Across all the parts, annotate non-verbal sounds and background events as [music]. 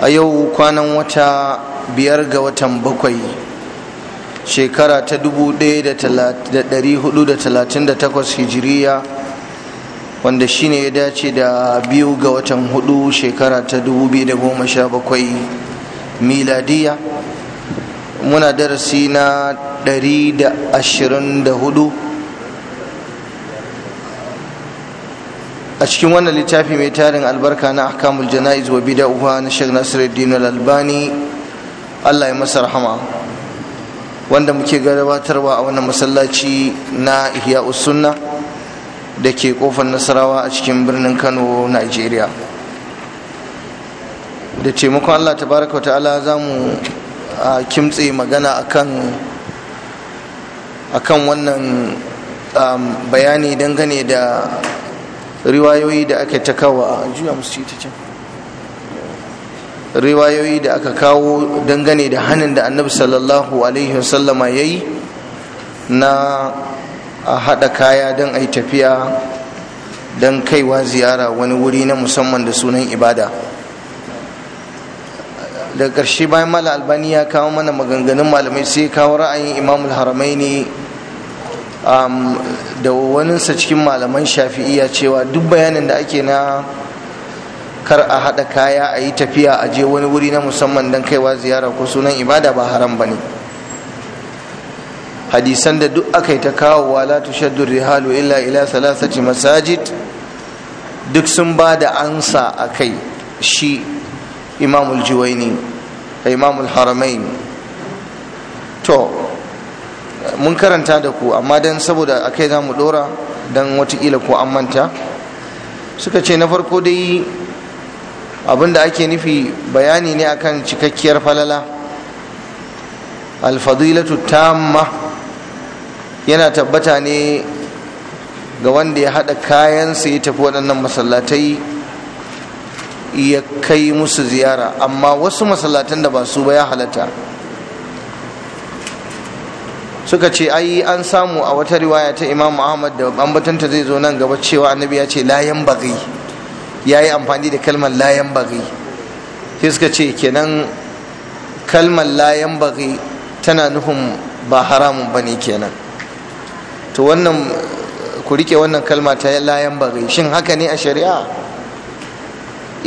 a yau kwanan wata biyar ga watan bakwai shekara ta 1438 hijiriya wanda shine ya dace da biyu ga watan hudu shekara ta 2017 miladiya muna darasi na 124 a cikin wannan littafi mai tarin albarka na ahkamul jana'iz wa uwa na Sheikh Nasiruddin Al-Albani Allah ya masa rahama wanda muke gabatarwa a wannan masallaci na Ihya Sunna da ke kofar Nasarawa a cikin birnin Kano Nigeria da taimakon Allah tabaraka wa ta'ala za mu kimtse magana akan akan wannan bayani dangane da riwayoyi da aka ta kawo a juya musu ta can riwayoyi da aka kawo dangane da hannun da annabi sallallahu alaihi wasallama ya yi na a haɗa kaya don a yi tafiya don kaiwa ziyara wani wuri na musamman da sunan ibada da ƙarshe bayan mala albani ya kawo mana maganganun malamai sai kawo ra'ayin imamul haramai ne. Um, da waninsa cikin malaman shafi'iya cewa duk bayanin da ake na kar a haɗa kaya a yi tafiya a je wani wuri na musamman don kaiwa ziyara ko sunan ibada ba haram ba ne hadisan da duk aka yi ta kawowa latu tushaddu rihalu illa ila salasati masajid duk sun ba da ansa a kai shi imamul juwaini imamul haramain to mun karanta da ku amma dan saboda a kai za mu dora don watakila ko an manta suka ce na farko dai abinda ake nufi bayani ne akan cikakkiyar falala alfadilatu tamma yana tabbata ne ga wanda ya haɗa kayansa ya tafi waɗannan masallatai ya kai musu ziyara amma wasu masallatan da ba su ba ya halatta suka ce ai an samu a wata riwaya ta imam ahmad da ambatanta zai zo nan gaba cewa annabi ya ce layan bagi ya yi amfani da kalmar layan bagi sai suka ce kenan kalmar layan bagi tana nufin ba haramun ba ne kenan to wannan ku rike wannan kalma ta layan bagi shin haka ne a shari'a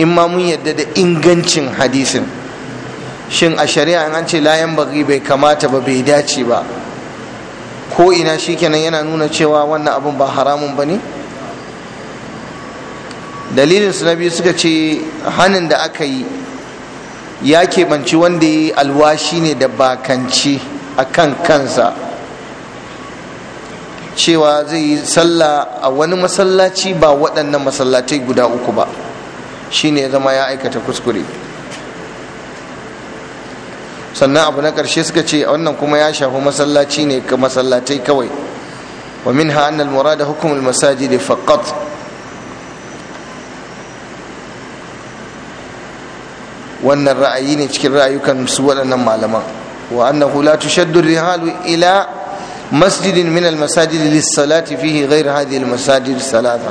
in ma mun yadda da ingancin hadisin shin a shari'a an ce layan bagi bai kamata ba bai dace ba ko ina shikenan yana nuna cewa wannan abun ba haramun ba ne dalilin na biyu suka ce hannun da aka yi ya keɓanci wanda ya yi alwashi ne da bakanci a kan kansa cewa zai yi sallah a wani masallaci ba waɗannan masallatai guda uku ba shine ya zama ya aikata kuskure sannan abu na ƙarshe suka ce wannan kuma ya shafi masallaci ne ka masallatai kawai wa min ha annal murada hukumul masajidi faqat wannan ra'ayi ne cikin ra'ayukan su waɗannan malaman wa annahu la tushaddu rihalu ila masjidin min al masajid lis salati fihi ghayr hadhihi al masajid salata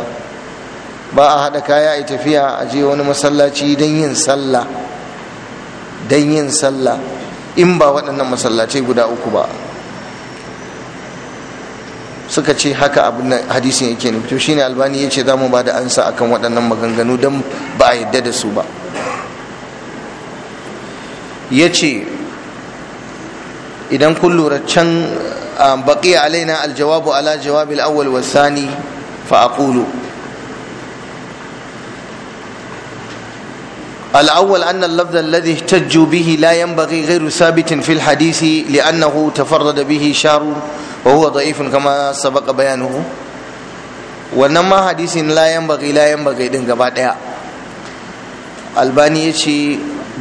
ba a hada kaya a tafiya a je wani masallaci don yin sallah don yin sallah in ba waɗannan masallacai guda uku ba suka ce haka abin hadisin yake nufi to shine albani ya ce za mu ba da ansa akan waɗannan maganganu don ba a yadda da su ba ya ce idan kun lura can baƙi alaina aljawabu ala jawabil awwal wasani fa aqulu الأول أن اللفظ الذي احتجوا به لا ينبغي غير ثابت في الحديث لأنه تفرد به شار وهو ضعيف كما سبق بيانه وإنما حديث لا ينبغي لا ينبغي دين قبعد albani ya ce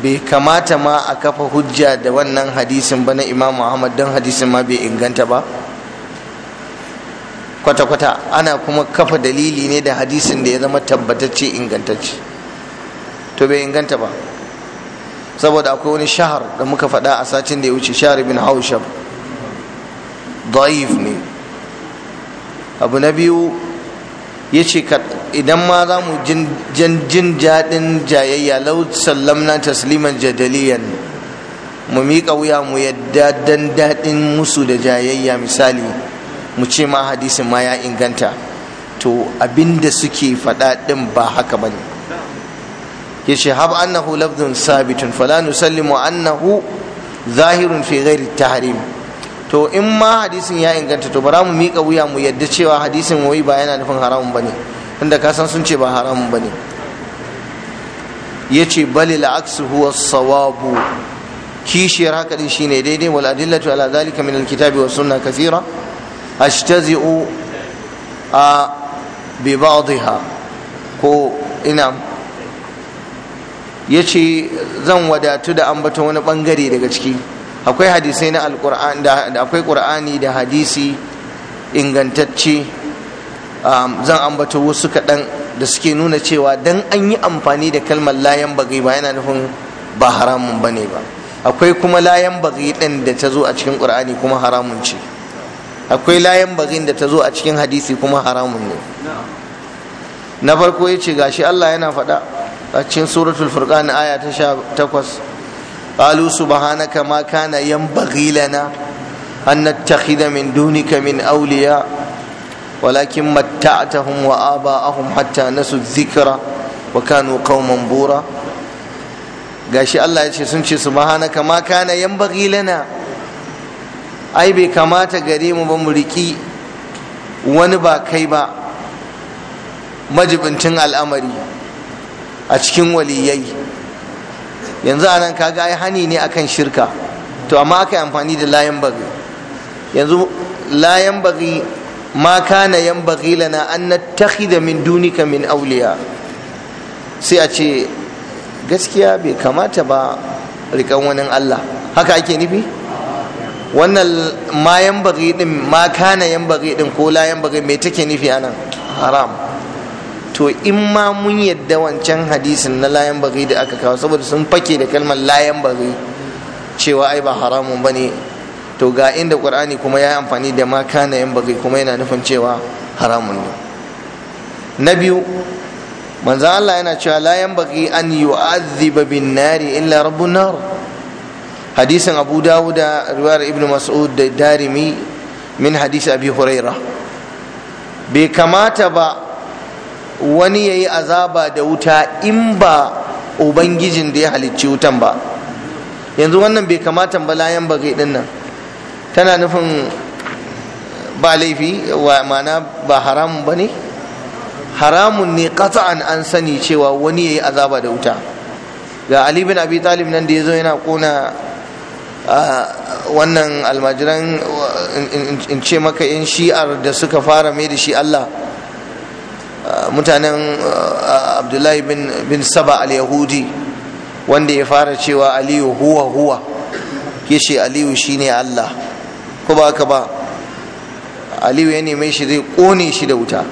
bai kamata ma a kafa hujja da wannan hadisin ba na imam muhammad don hadisin ma bai inganta ba kwata-kwata ana kuma kafa dalili ne da hadisin da ya zama tabbatacce ingantacce to bai inganta ba saboda akwai wani shahar da muka faɗa a satin da ya wuce shahar bin haushab daif ne abu na biyu ya ce idan ma za mu jin jaɗin jayayya lau sallamna tasliman jadaliyan mu miƙa wuya mu yadda dan daɗin musu da jayayya misali mu ce ma hadisin ma ya inganta to abinda suke faɗa ɗin ba haka ba ne yace hab annahu lafzun sabitun fala nusallimu annahu zahirun fi ghairi tahrim to in ma hadisin ya inganta to bara mu mika wuya mu yadda cewa hadisin wai ba yana nufin haramun bane inda ka san sun ce ba haramun bane yace bal al-aksu huwa sawabu kishiyar haka din shine daidai wal adillatu ala zalika min kitabi was sunnah kathira ashtazi'u a bi ba'dha ko ina ya ce zan wadatu da ambata wani bangare daga ciki akwai hadisai na alkur'ani da akwai qur'ani da hadisi ingantacce um, zan ambata wasu kaɗan da suke nuna cewa dan an yi amfani da kalmar layan bagai ba yana nufin ba haramun ba ne ba akwai kuma layan bagai ɗin da ta zo a cikin qur'ani kuma haramun ce akwai layan bagin da ta zo a cikin hadisi kuma haramun ne na farko ya ce gashi allah yana faɗa a cikin suratul furqan aya ta takwas, qalu subhanaka ma kana yanbaghi lana an nattakhidha min dunika min awliya walakin matta'tahum wa aba'ahum hatta nasu dhikra wa kanu qauman bura gashi Allah ya ce sun ce subhanaka ma kana yanbaghi lana ai bai kamata gare mu ba mu riki wani ba kai ba majibincin al'amari a cikin waliyai yanzu a nan kaga ai hani ne akan shirka to amma aka yi amfani da layan bagi yanzu layan bagi ma kana yan bagi lana an da min dunika min auliya sai a ce gaskiya bai kamata ba rikan wani Allah haka ake nufi wannan ma yan bagi din ma kana yan bagi din ko layan bagi me take nufi anan haram to in ma mun yadda wancan hadisin na layan bagi da aka kawo saboda sun fake da kalmar layan bagi cewa ai ba haramun bane to ga inda qur'ani kuma ya yi amfani da maka na yan bagi kuma yana nufin cewa haramun ne na biyu manzan Allah yana cewa layan bagi an yu'adhiba bin nari illa rabbun nar hadisin abu dawuda riwayar ibnu mas'ud da darimi min hadisi abi huraira bai kamata ba wani ya yi azaba da wuta in ba ubangijin da ya halicci wutan ba yanzu wannan bai kamata ba layan bagai din nan tana nufin ba laifi wa mana ba haramun ba ne haramun ne kata'an an sani cewa wani ya yi azaba da wuta ga ali bin abi talib nan da ya zo yana kona wannan almajiran in ce maka yan shi'ar da suka fara mai da shi allah mutanen uh, abdullahi bin saba al-yahudi wanda ya fara cewa aliyu huwa huwa ya ce aliyu shine allah ko ba ka ba aliyu ya neme shi zai kone shi da wuta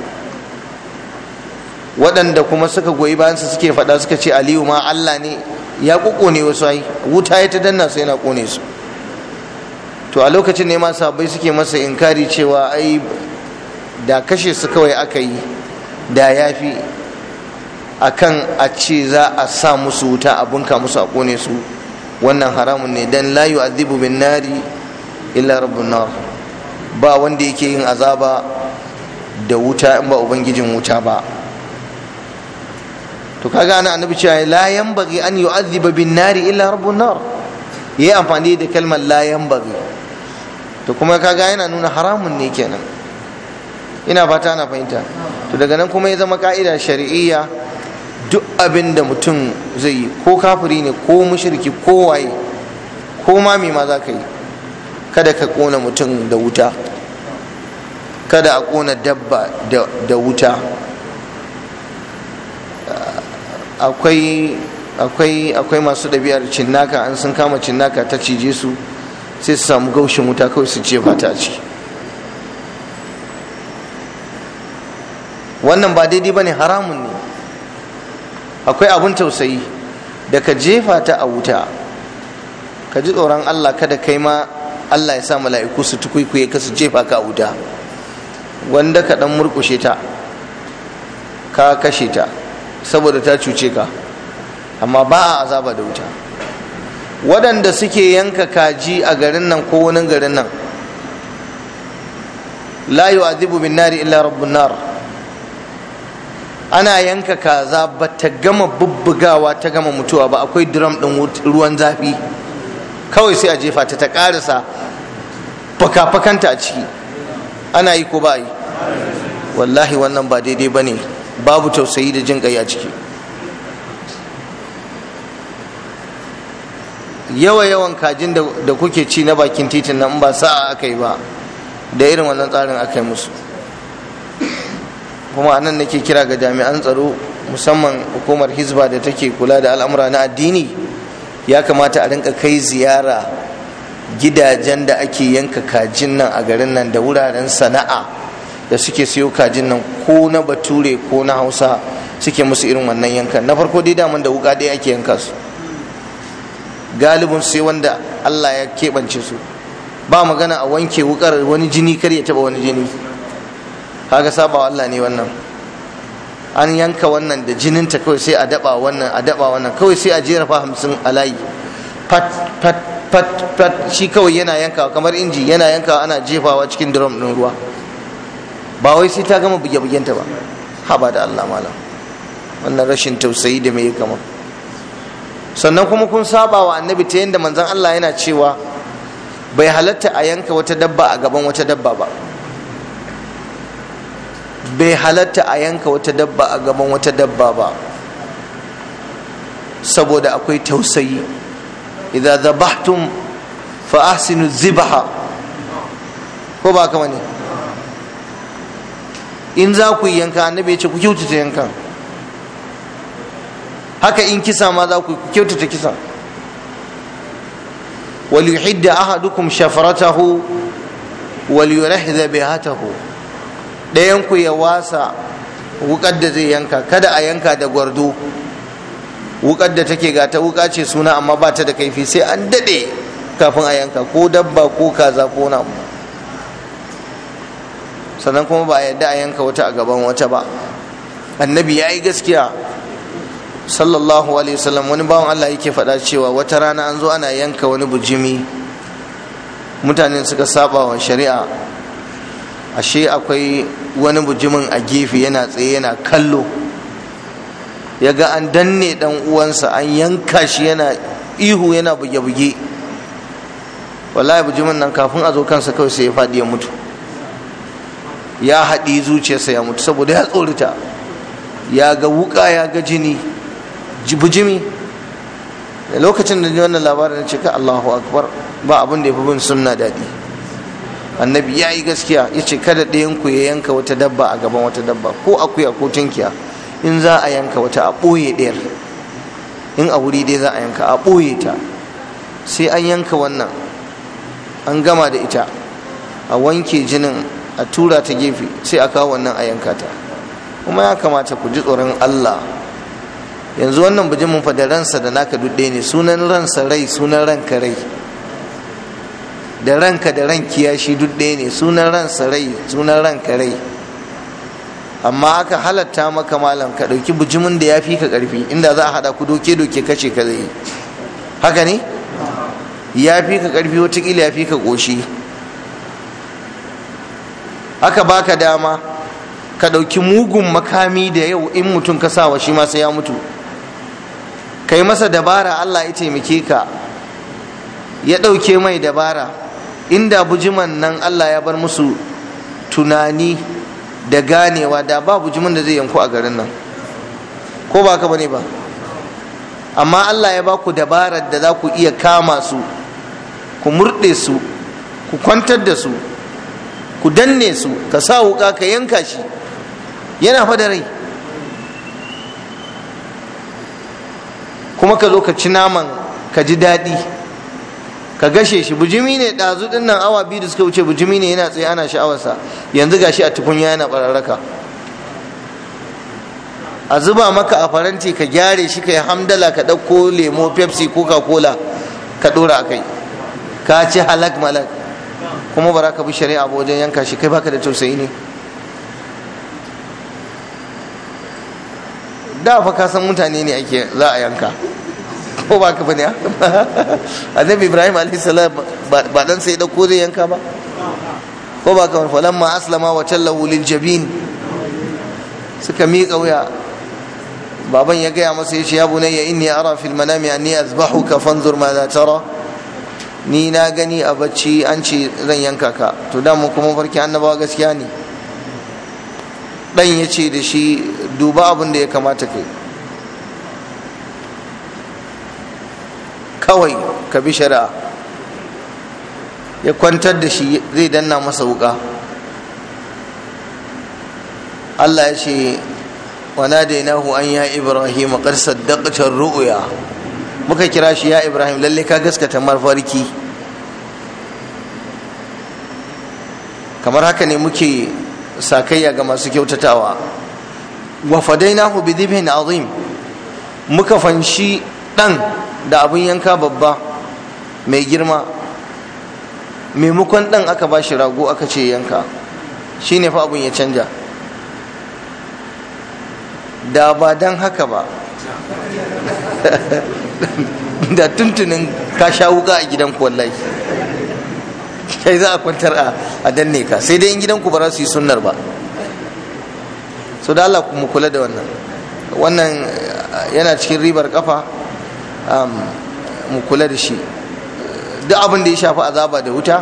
waɗanda kuma suka goyi bayan su suke faɗa suka ce aliyu ma allah ne ya ƙoƙone wasu ai wuta ya ta danna su yana kone su to a lokacin ne ma sabai suke masa inkari cewa ai da kashe su kawai aka yi da ya fi a kan a ce za a sa musu wuta a bunka musu a kone su wannan haramun ne dan layu yu'adhibu bin nari illa rabbun nar ba wanda yake yin azaba da wuta in ba ubangijin wuta ba to kaga ana annabi cewa la yanbaghi an yu'adhiba bin nari illa rabbun nar yayi amfani da kalmar la yanbaghi to kuma kaga yana nuna haramun ne kenan ina fata na fahimta to daga nan kuma ya zama ka'ida shari'iyya duk abin da mutum zai yi ko kafiri ne ko mushriki ko waye ko ma ma za ka yi kada ka kona mutum da wuta kada a kona dabba da wuta akwai masu ɗabi'ar cinnaka an sun kama cinnaka ta cije su sai su samu gaushin wuta kawai su ce fata ciki wannan ba daidai bane haramun ne akwai abun tausayi da ka jefa ta a wuta ka ji tsoron Allah kada kai ma Allah ya sa mala'iku su tukuikuye ka su jefa ka a wuta wanda ka dan murkushe ta ka kashe ta saboda ta cuce ka amma ba a azaba da wuta waɗanda suke yanka kaji a garin nan ko wani garin nan la yu'adhibu bin nari illa rabbun nar ana yanka kaza ba ta gama bubbugawa ta gama mutuwa ba akwai drum din ruwan zafi kawai sai a jefa ta ta ƙarasa fakafakanta a ciki ana yi ko ba yi wallahi wannan ba daidai ba ne babu tausayi da jin a ciki yawa yawan kajin da kuke ci na bakin titin nan ba sa'a aka yi ba da irin wannan tsarin aka yi musu kuma anan nake kira ga jami'an tsaro musamman hukumar hizba da take kula da al'amura na addini ya kamata a rinka kai ziyara gidajen da ake yanka kajin nan a garin nan da wuraren sana'a da suke siyo kajin nan ko na bature ko na hausa suke musu irin wannan yankan na farko dai daman da wuka ɗaya ake yanka su galibin sai wanda allah ya keɓance su ba magana a wanke wukar wani jini kar ya taɓa wani jini kaga saba Allah ne wannan an yanka wannan da jininta kawai sai a daba wannan a daba wannan kawai sai a jera fa hamsin a layi pat-pat-pat shi kawai yana yankawa kamar inji yana yankawa ana jefawa cikin drum din ruwa ba wai sai ta gama buge bugenta ba haba da Allah malam wannan rashin tausayi da mai kama sannan kuma kun saba wa annabi ta yadda manzon Allah yana cewa bai halatta a yanka wata dabba a gaban wata dabba ba bai halatta a yanka wata dabba a gaban wata dabba ba saboda akwai tausayi idan zabahtum fa ahsinu zibaha ko ba kama ne in za ku yi yanka annabi ya ce ku kyautata yankan haka in kisa ma za ku kyautata kisa وليحد أحدكم شفرته وليرهذ بهته ɗayanku ya wasa wukar da zai yanka kada a yanka da gwardo wukar da take gata wuka ce suna amma ba ta da kaifi sai an daɗe kafin a yanka ko dabba ko kaza ko na sannan kuma ba a yadda a yanka wata a gaban wata ba annabi ya yi gaskiya sallallahu alaihi wasallam wani bawan Allah yake faɗa cewa wata rana an zo ana yanka wani bujimi mutanen suka saba wa shari'a ashe akwai wani bujimin a gefe yana tsaye yana kallo ya ga an danne dan uwansa an yanka shi yana ihu yana buge-buge wallahi bujimin nan kafin a zo kansa kawai sai ya fadi ya mutu ya haɗi zuciyarsa ya mutu saboda ya tsorita ya ga wuka ya ga jini bujimi lokacin da ji wannan labarin ce ka Allahu akbar ba abin da ya fi bin sunna daɗi annabi ya yi gaskiya ya ce kada ɗayan ku ya yanka wata dabba a gaban wata dabba ko akuya ko tunkiya in za a yanka wata a ɓoye ɗayar in a wuri dai za a yanka a ɓoye ta sai an yanka wannan an gama da ita a wanke jinin a tura ta gefe sai a kawo wannan a yanka ta kuma ya kamata ku ji tsoron allah yanzu wannan bijimin fa da ransa da naka ɗaya ne sunan ransa rai sunan ranka rai da ranka da ran shi duk ɗaya ne sunan ransa rai sunan ranka rai amma aka halatta maka malam ka ɗauki bujimin da ya fi ka ƙarfi inda za a haɗa ku doke doke kashe ka zai haka ne ya fi ka ƙarfi watakila ya fi ka ƙoshi aka baka dama ka ɗauki mugun makami da yau in mutum ka sawa shi ma sai ya mutu kai masa dabara allah ya taimake ka ya ɗauke mai dabara inda bujiman nan Allah ya bar musu tunani da ganewa da ba bujiman da zai yanku a garin nan ko ba ka bane ba amma Allah ya ba ku dabarar da za ku iya kama su ku murɗe su ku kwantar da su ku danne su ka sa wuka ka yanka shi yana fa rai kuma ka zo ka ci naman ka ji daɗi ka gashe shi bujimi ne ɗazu din nan awa biyu da suka wuce bujimi ne yana tsaye ana sha'awarsa yanzu gashi a tukunya yana bararraka a zuba maka a faranti ka gyare shi ka yi hamdala ka ɗauko lemo pepsi coca cola ka ɗora a kai ka ci halak malak kuma ba ka bi shari'a ba wajen yanka shi kai baka da tausayi ne da fa ka san mutane ne ake za a yanka [laughs] ko ba ka bane [laughs] annabi ibrahim alaihi salam ba dan sai dauko zai yanka ba ko ba ka falan ma aslama wa tallahu lil jabin suka miƙa wuya baban ya gaya masa yace ya bunayya inni ara fil manami anni azbahuka fanzur ma za tara ni na gani a bacci an ce zan yanka ka to da mu kuma farki annabawa gaskiya ne dan ya ce da shi duba abin da ya kamata kai kawai ka bi shari'a ya kwantar da shi zai danna masa wuka Allah ya ce wana dainahu an ya ibrahim a ƙarsar saddaqta ru'uya muka kira shi ya ibrahim lalle ka gaskata mafarki kamar haka ne muke sakayya ga masu kyautatawa wa fadainahu bi dhibhin azim muka fanshi ɗan da abun yanka babba mai girma maimakon ɗan aka ba shi rago aka ce yanka shi ne fa abin ya canja da ba dan haka ba [laughs] da tuntunin ka sha wuka a gidanku wallahi kai za a kwantar a danne ka sai dai in gidanku ba za su yi sunnar ba so da Allah mu kula da wannan wannan yana cikin ribar kafa Um, mu kula da shi duk abin da ya shafi azaba da wuta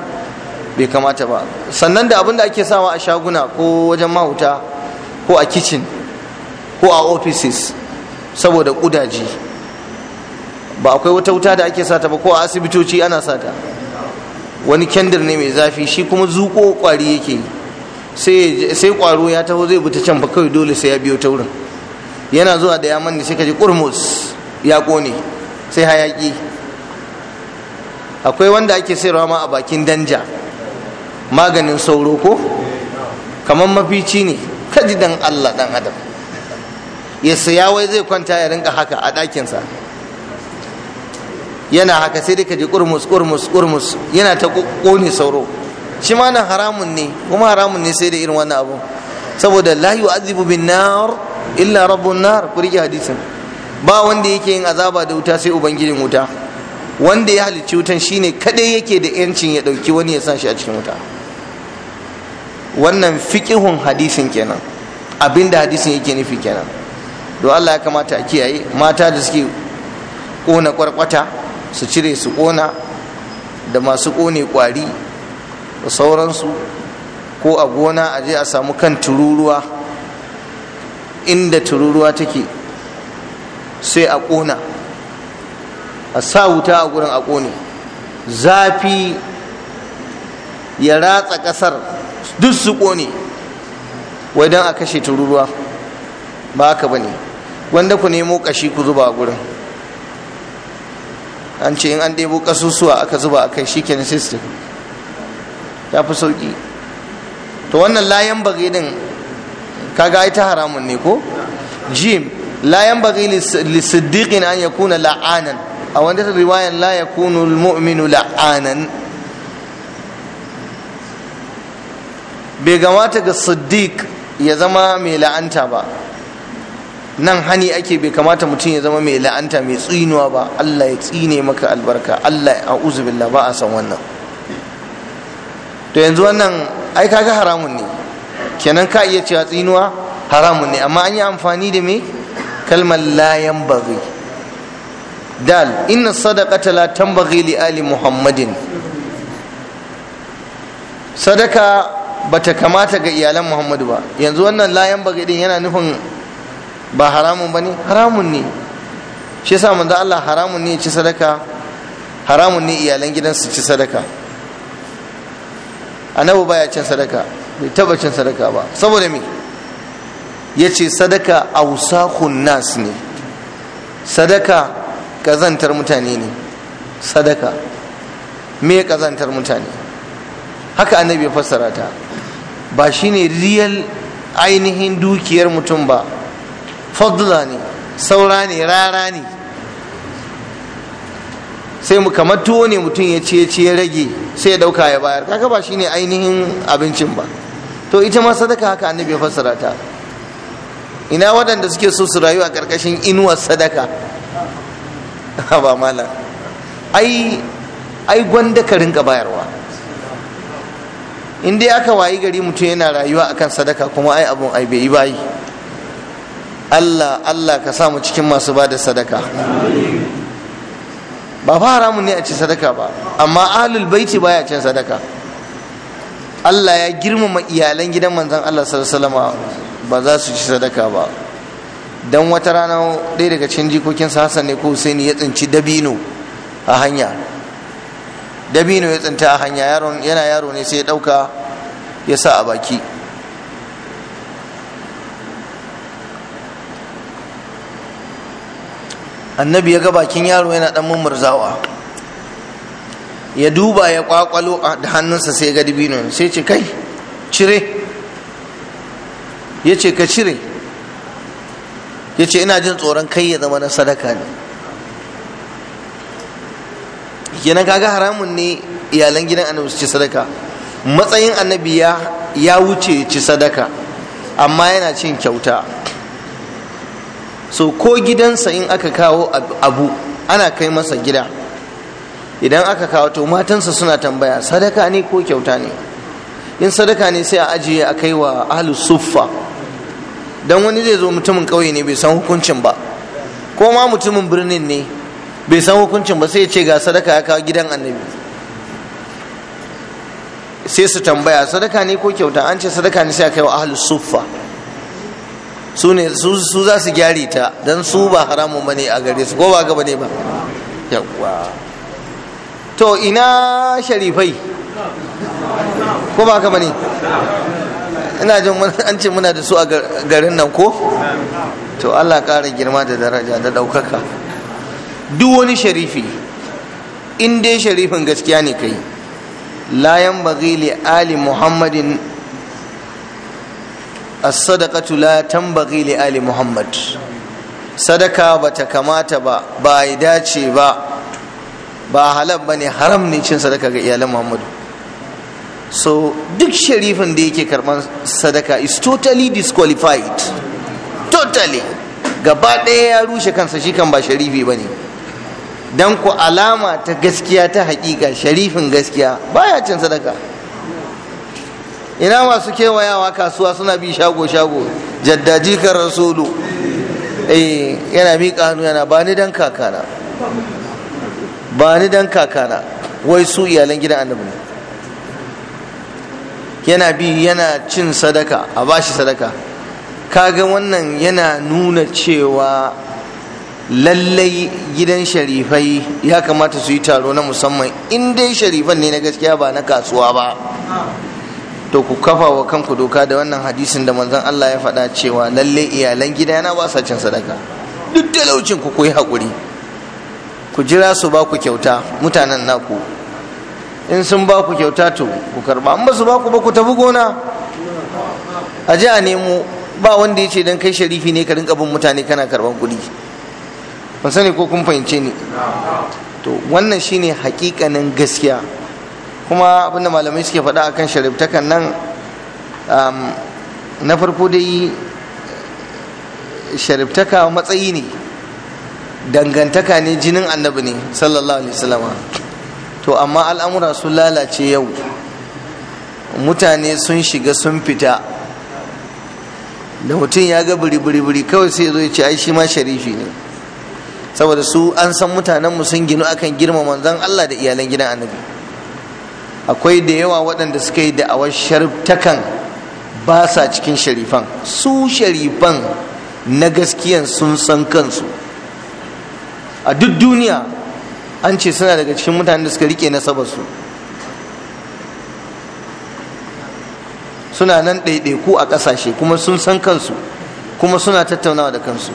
bai kamata ba sannan da abin da ake sawa a shaguna ko wajen mahuta ko a kicin ko a offices saboda kudaji ba akwai wata wuta da ake sata ba ko a asibitoci ana sata wani kendir ne mai zafi shi kuma zuko kwari yake yi sai kwaro ya taho zai buta can ba kawai dole sai ya biyo ta wurin yana zuwa da ya manni sai ka ji kurmus ya kone sai hayaki akwai wanda ake sayarwa ma a bakin danja maganin sauro ko kamar mafici ne kaji dan allah dan adam ya saya wai zai kwanta ya rinka haka a ɗakinsa yana haka sai dai ka ji kurmus kurmus kurmus yana ta ƙone sauro shi ma nan haramun ne kuma haramun ne sai da irin wannan abu saboda la yu'adhibu bin nar illa rabbun nar ku rike hadisin ba wanda yake yin azaba da wuta sai ubangijin wuta wanda ya halicci wutan shine kadai yake da yancin ya dauki wani ya sa shi a cikin wuta wannan fikihun hadisin kenan abinda hadisin yake nufi kenan don Allah ya kamata a kiyaye mata da suke kona kwarkwata su cire su kona da masu kone kwari da sauransu ko a gona a je a samu kan tururuwa inda tururuwa take sai a ƙona a sa wuta a gurin a ƙone zafi ya ratsa ƙasar duk su ƙone wai a kashe tururuwa ba haka ba ne wanda ku nemo ƙashi ku zuba a gurin an ce in an ɗebo ƙasusuwa aka zuba a kai shi kenan sai ya fi sauƙi to wannan layan bagidin kaga ai ta haramun ne ko jim la yanbaghi lisiddiqin an ya kuna la'anan a wanda ta riwayan la yakunu almu'minu la'anan bai gamata ga siddiq ya zama mai la'anta ba nan hani ake bai kamata mutum ya zama mai la'anta mai tsinuwa ba Allah ya tsine maka albarka Allah ya a'udhu billah ba a san wannan to yanzu wannan ai kaga haramun ne kenan ka iya cewa tsinuwa haramun ne amma an yi amfani da me kalmar layan bari dal inna ta la tambaghi li ali muhammadin sadaka bata kamata ga iyalan muhammadu ba yanzu wannan layan bari din yana nufin ba haramun ba ne? haramun ne shi yasa manzo Allah haramun ne ci sadaka haramun ne iyalan gidansu ci sadaka annabi baya cin sadaka bai taba cin sadaka ba saboda me ya ce sadaka ausakun nas ne sadaka kazantar mutane ne sadaka me kazantar mutane haka annabi ya fassara ta ba shine real ainihin dukiyar mutum ba fadla ne saura ne rara ne sai mu kamar tuwo ne mutum ya ce ce ya rage sai ya dauka ya bayar kaka ba shine ainihin abincin ba to ita ma sadaka haka annabi ya fassara ta ina waɗanda suke so su rayu a ƙarƙashin inuwar sadaka [laughs] ba malam ai ai gwanda ka rinka bayarwa in dai aka wayi gari mutum yana rayuwa akan sadaka kuma ai abun ai bai bayi Allah Allah ka samu cikin masu ba da sadaka ba fa haramun ne a ci sadaka ba amma ahlul baiti baya cin sadaka Allah ya girmama iyalan gidan manzon Allah sallallahu alaihi wasallam ba za su ci sadaka ba don wata rana ɗaya daga cikin jikokin Hassan ne ko Husaini ya tsinci dabino a hanya dabino ya tsinta a hanya yana yaro ne sai ya ɗauka ya sa a baki annabi ya ga bakin yaro yana ɗan mummurzawa ya duba ya kwakwalo da hannunsa sai ya ga dabino sai ce kai cire ya ce ka cire ya ce ina jin tsoron kai ya zama na sadaka ne yana kaga haramun ne iyalan gidan annabi su ci sadaka matsayin annabi ya wuce ci sadaka amma yana cin kyauta so ko gidansa in aka kawo abu ana kai masa gida idan aka kawo to matansa suna tambaya sadaka ne ko kyauta ne in sadaka ne sai a ajiye a kai wa ahlus suffa don wani zai zo mutumin ƙauye ne bai san hukuncin ba ko ma mutumin birnin ne bai san hukuncin ba sai ya ce ga sadaka ya kawo gidan annabi sai su tambaya sadaka ne ko kyauta an ce sadaka ne sai a kai wa suffa su ne su za su gyare ta don su ba haramun ba ne a gare su ko ba gaba ne ba yawwa to ina sharifai ko ba gaba ne ina jin an ce muna da su a garin nan ko to Allah ƙara girma da daraja da ɗaukaka duk wani sharifi in dai sharifin gaskiya ne kai layan bagili ali muhammadin as-sadaqatu la tanbaghi li ali muhammad sadaka bata kamata ba ba ya dace ba ba halal bane haram ne cin sadaka ga iyalan muhammadu so duk sharifin da yake karban sadaka is totally disqualified totally gaba ɗaya ya rushe kansa shi kan ba sharifi ba ne don ku alama ta gaskiya ta haƙiƙa sharifin gaskiya baya cin sadaka ina masu kewayawa kasuwa suna bi shago-shago jaddaji kan rasulu eh yana miƙa hannu yana ba ni dan kakana ba ni dan kakana wai su iyalan gidan annabi ne yana bi yana cin sadaka a bashi sadaka kaga wannan yana nuna cewa lallai gidan sharifai ya kamata su yi taro na musamman in dai sharifan ne na gaskiya ba na kasuwa ba to ku kafa wa kanku doka da wannan hadisin da manzon Allah ya faɗa cewa lallai iyalan gida yana ba sa cin sadaka duk talaucin ku koyi hakuri ku jira su ba ku kyauta mutanen naku in sun ba ku kyauta to ku karba in ba su ba ku ba ku tafi gona a ji a nemo ba wanda ya ce don kai sharifi ne ka rinka bin mutane kana karban kuɗi ban sani ko kun fahimce ni to wannan shine hakikanin gaskiya kuma abinda malamai suke faɗa kan sharibtakan nan na farko dai sharibtaka matsayi ne dangantaka ne jinin annabi ne sallallahu alaihi wasallam to amma al'amura sun lalace yau mutane sun shiga sun fita da mutum ya ga biribiri kawai sai zo ya ce ai shi ma sharifi ne saboda su an san mutanenmu sun ginu akan girma manzan Allah da iyalan gidan annabi akwai da yawa waɗanda suka yi da'awar sharftakan ba sa cikin sharifan su sharifan na gaskiyan sun san kansu a duk duniya an ce suna daga cikin mutane da suka rike nasabarsu suna nan ɗaiɗaiku a ƙasashe kuma sun san kansu kuma suna tattaunawa da kansu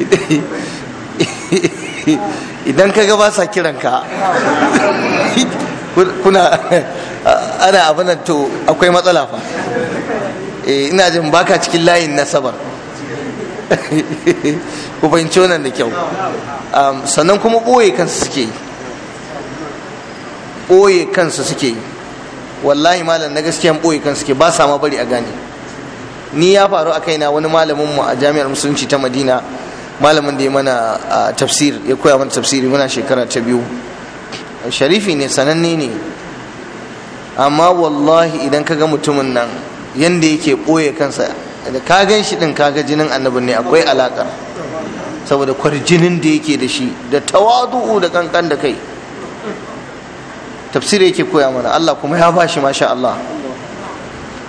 [laughs] idan ka ga ba sa kiranka [laughs] kuna ana abinan to akwai matsala fa eh, ina jin baka cikin layin nasabar [laughs] ku fahimci wannan da kyau um, sannan kuma ɓoye kansu suke yi ɓoye kansu suke yi wallahi malam na gaskiyan ɓoye kansu suke ba sa bari a gane ni ya faru a kaina wani malamin mu a jami'ar musulunci ta madina malamin da ya mana tafsir ya koya mana tafsiri muna shekara ta biyu sharifi ne sananne ne amma wallahi idan ka ga mutumin nan yanda yake ɓoye kansa da ka gan shi din ga jinin annabin ne akwai alaka saboda kwarjinin da yake da shi da tawadu'u da kankan da kai tafsir yake koya mana Allah kuma ya bashi masha Allah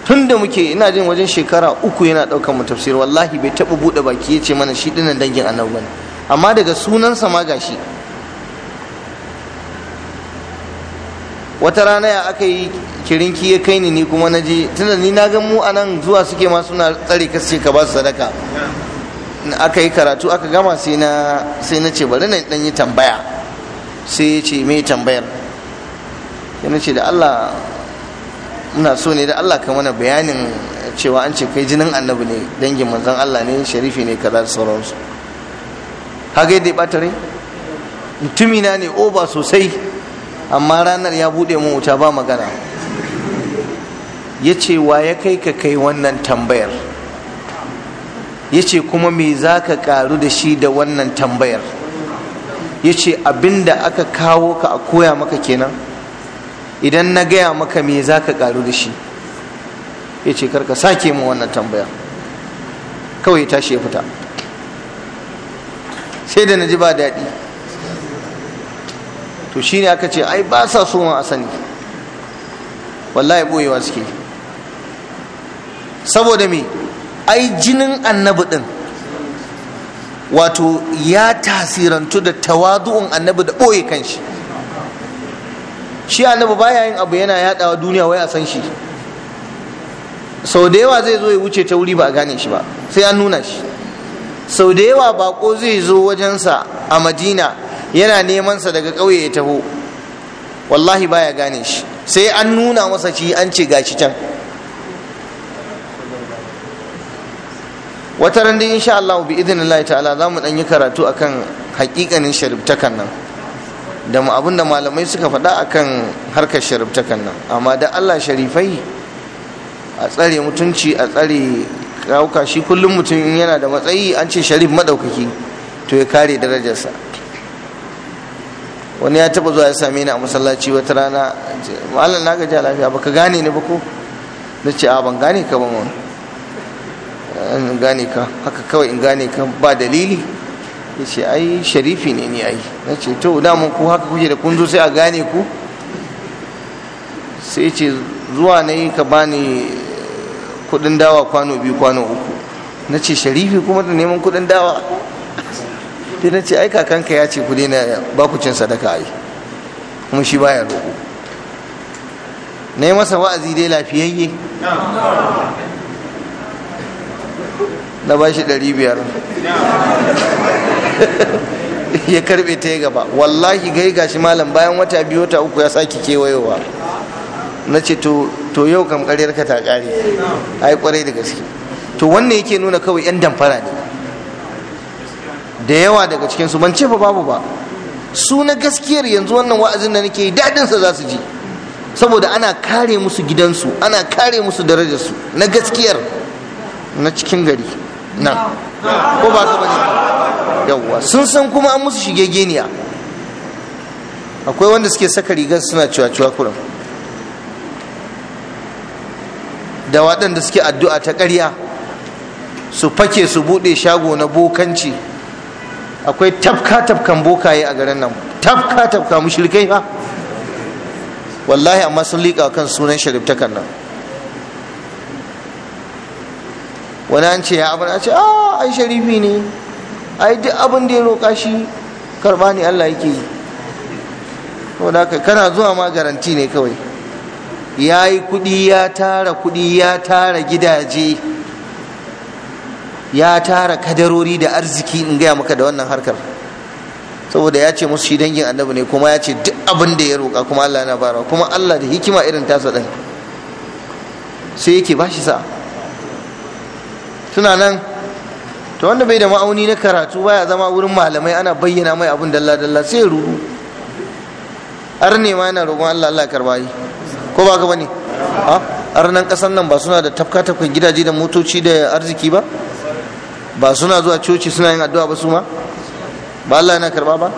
tun da muke ina jin wajen shekara uku yana ɗaukar mu tafsir wallahi bai taɓa buɗe baki ya ce mana shi ɗinan dangin annabi amma daga sunansa ma gashi wata rana ya aka yi kirinki ya kai ni ni kuma na je tunda ni na ga mu a nan zuwa suke ma suna tsare ka ce ka ba su sadaka aka yi karatu aka gama sai na sai na ce bari na dan yi tambaya sai ya ce me tambayar sai na ce da Allah muna so ne da Allah ka mana bayanin cewa an ce kai jinin annabi ne dangin manzon Allah ne sharifi ne kaza da sauransu haka yadda ya mutumina ne oba sosai amma ranar ya bude mu wuta ba magana ya ce wa ya kai ka kai wannan tambayar ya ce kuma me za ka karu da shi da wannan tambayar ya ce abin da aka kawo ka a koya maka kenan idan na gaya maka me za ka karu da shi ya ce karka sake mu wannan tambayar." kawai tashi ya fita sai da na ji ba daɗi to shi ne aka ce ai ba sa so a sani wallahi ɓoyewa suke saboda me ai jinin annabi ɗin wato ya tasirantu da tawadu'un annabi da ɓoye kanshi shi annabi baya yin abu yana yadawa duniya wai a san shi sau da yawa zai zo ya wuce ta wuri ba a gane shi ba sai an nuna shi sau da yawa bako zai zo wajensa a madina yana neman sa daga ƙauye ya taho wallahi baya gane shi sai an nuna masa ci an ce gashi can wata ran dai insha Allah bi idnillahi ta'ala za mu dan yi karatu akan hakikanin sharibtakan nan da mu abinda malamai suka faɗa akan harkar sharibtakan nan amma da Allah sharifai a tsare mutunci a tsare kawuka shi kullum mutum yana da matsayi an ce sharif madaukaki to ya kare darajarsa wani ya taba zuwa ya same ni a masallaci wata rana malam na gaji lafiya baka gane ni ba ko na ce a ban gane ka ba mun in gane ka haka kawai in gane ka ba dalili ya ce ai sharifi ne ni ai na ce to mun ku haka kuke da kun zo sai a gane ku sai ce zuwa na yi ka bani kudin dawa kwano biyu kwano uku na ce sharifi kuma da neman kudin dawa sai ta ce ai kakanka ya ce ku daina bakucin cin sadaka ai kuma shi baya roƙo na yi masa wa'azi dai lafiyayye na ba shi ɗari biyar [laughs] ya karɓe ta yi gaba wallahi gai gashi malam bayan wata biyu wata uku ya sake kewayowa na ce to yau kam ƙaryar ka ta ƙare ai ƙwarai da gaske to wannan yake nuna kawai 'yan damfara ne da yawa daga cikin su ban ce ba babu ba su na gaskiyar yanzu wannan wa'azin da nake dadin sa za su ji saboda ana kare musu gidansu ana kare musu darajarsu na gaskiyar na cikin gari na ko ba su bane yawwa sun san kuma an musu shige geniya akwai wanda suke saka rigar suna cewa cewa kuram. da waɗanda suke addu'a ta ƙarya su fake su buɗe shago na bokanci akwai tafka tafkan bokaye a garin nan tafka tafka mushrikai ba. wallahi amma sun liƙa kan sunan shariftakan nan wani an ce ya abin a ce a ah, ai sharifi ne yi duk abin da ya roƙa shi karɓa ne allah yake yi saboda kana zuwa ma garanti ne kawai ya yi kuɗi ya tara kuɗi ya tara gidaje ya tara kadarori da arziki in gaya maka da wannan harkar saboda ya ce musu shi dangin annabi ne kuma ya ce duk abin da ya roƙa kuma Allah yana bara kuma Allah da hikima irin tasa ɗin sai yake ba shi sa suna nan to wanda bai da ma'auni na karatu baya zama wurin malamai ana bayyana mai abin dalla dalla sai ya rudu ar ne ma yana roƙon Allah Allah karba yi ko ba ka bane ar nan ƙasar nan ba suna da tafka tafkan gidaje da motoci da arziki ba ba suna zuwa coci suna yin addu'a ba su ma ba Allah yana karba ba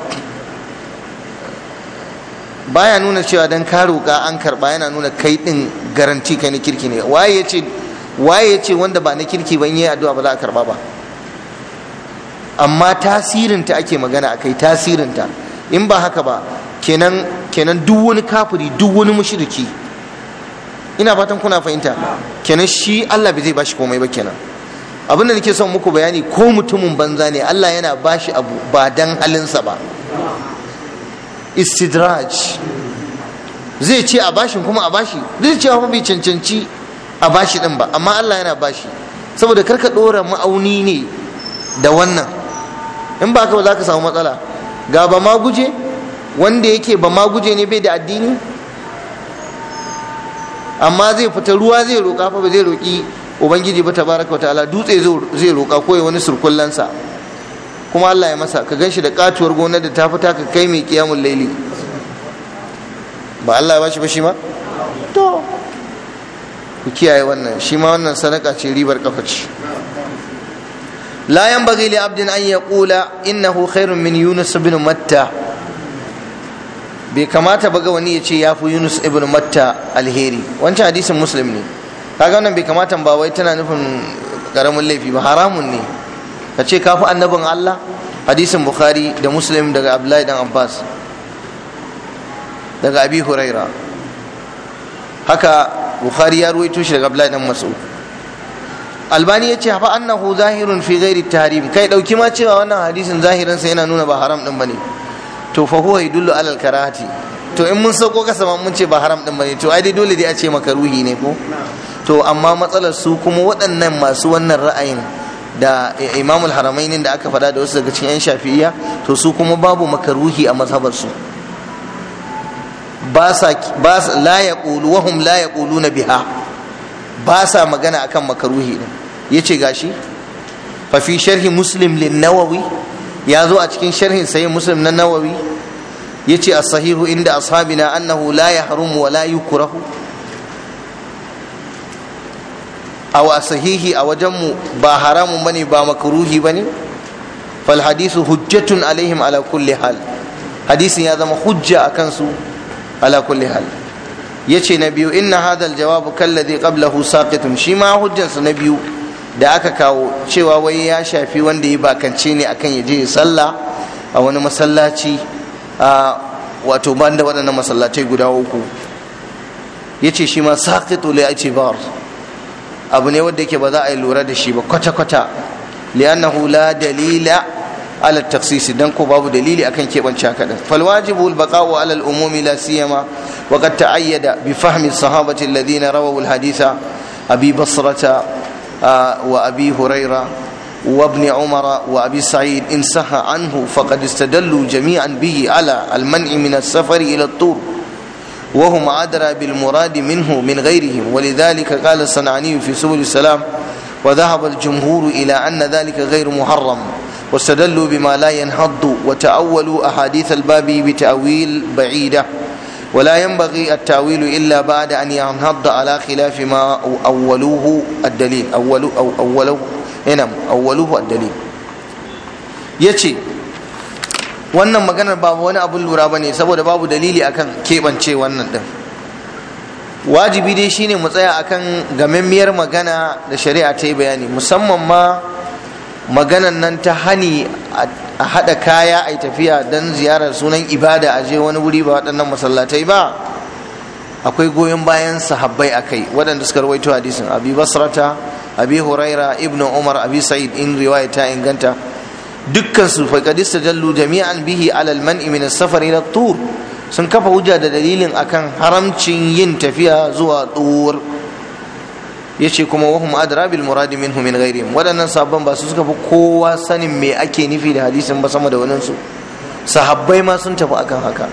baya nuna cewa dan ka roƙa an karba yana nuna kai din garanti kai na kirki ne waye yace waye yace wanda ba na kirki ban yi addu'a ba za a karba ba amma tasirinta ake magana akai tasirinta in ba haka ba kenan kenan duk wani kafiri duk wani mushriki ina fatan kuna fahimta kenan shi Allah bai zai bashi komai ba kenan abinda nake son muku bayani ko mutumin banza ne Allah yana bashi abu ba dan halinsa ba istidraj zai ce a bashin kuma a bashi zai ce kuma bai cancanci a bashi din ba amma Allah yana bashi saboda karka dora ma'auni ne da wannan in ba ka ba za ka samu matsala ga ba ma guje wanda yake ba ma guje ne bai da addini amma zai fita ruwa zai roƙa fa ba zai roƙi ubangiji ba tabaraka wa ta'ala dutse zai roƙa ko wani surkullansa kuma Allah ya masa ka ganshi da katuwar gonar da ta fita ka kai mai kiyamul laili ba Allah ya bashi ba shi ma to ku kiyaye wannan shi ma wannan sadaka ce ribar kafa ce la yanbaghi li abdin an yaqula innahu khairun min yunus ibn matta bai kamata ba ga wani ya ce ya fi yunus ibn matta alheri wancan hadisin muslim ne kaga wannan bai kamata ba wai tana nufin karamin laifi ba haramun ne ka ce kafi annabin Allah hadisin bukhari da muslim daga abdullahi dan abbas daga abi huraira haka bukhari ya ruwaito shi daga abdullahi dan mas'ud albani ya ce fa annahu zahirun fi ghairi tahrim kai dauki ma cewa wannan hadisin zahirin sa yana nuna ba haram din bane to fa huwa yadullu alal karahati to in mun sauko kasa mun ce ba haram din bane to ai dai dole dai a ce ruhi ne ko to amma matsalar su kuma waɗannan masu wannan ra'ayin da imamul haramainin da aka fada da wasu daga cikin 'yan shafi'iya to su kuma babu makaruhi a mazhabarsu ba sa la yaqulu wahum la yaquluna biha ba sa magana akan makaruhi din yace gashi fa fi sharhi muslim lin nawawi ya zo a cikin sharhin sahih muslim na nawawi yace as-sahihu inda ashabina annahu la yahrumu wa la yukrahu a sahihi a wajenmu ba haramun bane ba makaruhi bane fal hadisu hujjatun alaihim ala kulli ya zama hujja a kansu ala kulli hal yace na biyu inna hadal jawabu kalladhi qablahu saqitun shi shima hujjansa na biyu da aka kawo cewa wai ya shafi wanda ya bakance ne akan ya je sallah a wani masallaci a wato banda waɗannan masallatai guda uku yace shi ma saqitu li itibar abu ne wanda yake ba za a yi lura da shi ba kwata-kwata li'annahu la dalila ala taksisi dan ko babu dalili akan keɓance haka din fal wajibu al baqa'u ala umumi la siyama wa qad ta'ayyada bi fahmi sahabati alladhina rawahu al haditha abi basrata wa abi huraira وابن عمر وابي سعيد ان سهى عنه فقد استدلوا جميعا به على المنع من السفر الى tur. وهم أدرى بالمراد منه من غيرهم ولذلك قال الصنعاني في سبل السلام وذهب الجمهور إلى أن ذلك غير محرم واستدلوا بما لا ينحض وتأولوا أحاديث الباب بتأويل بعيدة ولا ينبغي التأويل إلا بعد أن ينهض على خلاف ما أولوه الدليل أولو أو أولوه نعم أولوه الدليل يتي wannan maganar ba wani abun lura ba ne saboda babu dalili akan keɓance wannan ɗin wajibi dai shine mu tsaya akan gamammiyar magana da shari'a ta yi bayani musamman ma maganan nan ta hani a haɗa kaya a tafiya don ziyarar sunan ibada a je wani wuri ba waɗannan masallatai ba akwai goyon bayan sahabbai a kai waɗanda suka rawaito hadisin abi basrata abi huraira ibnu umar abi sa'id in riwaya ta inganta Dukkansu, su Jallu, jami'an bihi ala al-man'i min safar ila tur sun kafa hujja da dalilin akan haramcin yin tafiya zuwa tur yace kuma wahum adra bil murad minhu min ghairihim wadannan sabban ba su suka fi kowa sanin me ake nufi da hadisin ba sama da wannan su sahabbai ma sun tafi akan haka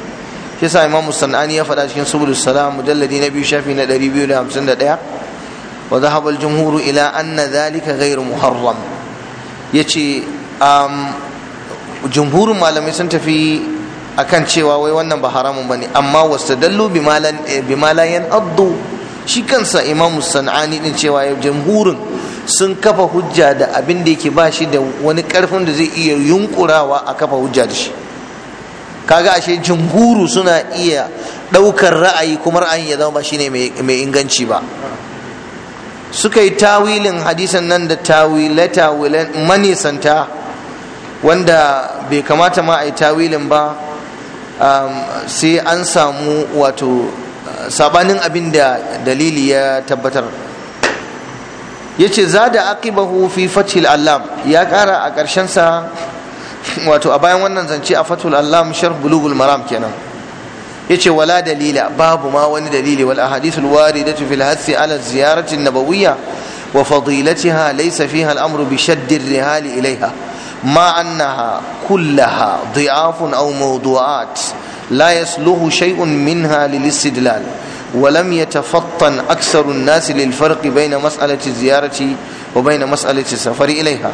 shi yasa imamu sanani ya faɗa cikin subulus salam mujalladi na biyu shafi na 251 wa dhahaba al-jumhur ila anna dhalika ghairu muharram yace Um, jumhurin malamai sun tafi akan cewa wai wannan ba haramun bane amma wastadallu bi eh, la abdu shi kansa imamu san'ani din cewa jumhurin sun kafa hujja da abin da yake ba shi da wani karfin da zai iya yunkurawa a kafa hujja da shi kaga ashe jumhuru suna iya ɗaukar ra'ayi kuma ra'ayin ya zama ba shine mai inganci ba suka yi tawilin hadisan nan da tawile manisanta wanda bai kamata ma a yi tawilin ba um, sai an samu wato uh, sabanin abin da dalili ya tabbatar ya ce za da aqibahu fi fathil allam ya kara a ƙarshensa [laughs] wato a bayan wannan zance a fathul allam sharh bulugul maram kenan ya ce wala dalila babu ma wani dalili wal ahadithul waridatu fil hathi ala ziyaracin nabawiyya wa fadilatiha laysa fiha al-amru bi shaddi rihali ilaiha ما أنها كلها ضعاف أو موضوعات لا يصلح شيء منها للاستدلال ولم يتفطن أكثر الناس للفرق بين مسألة الزيارة وبين مسألة السفر إليها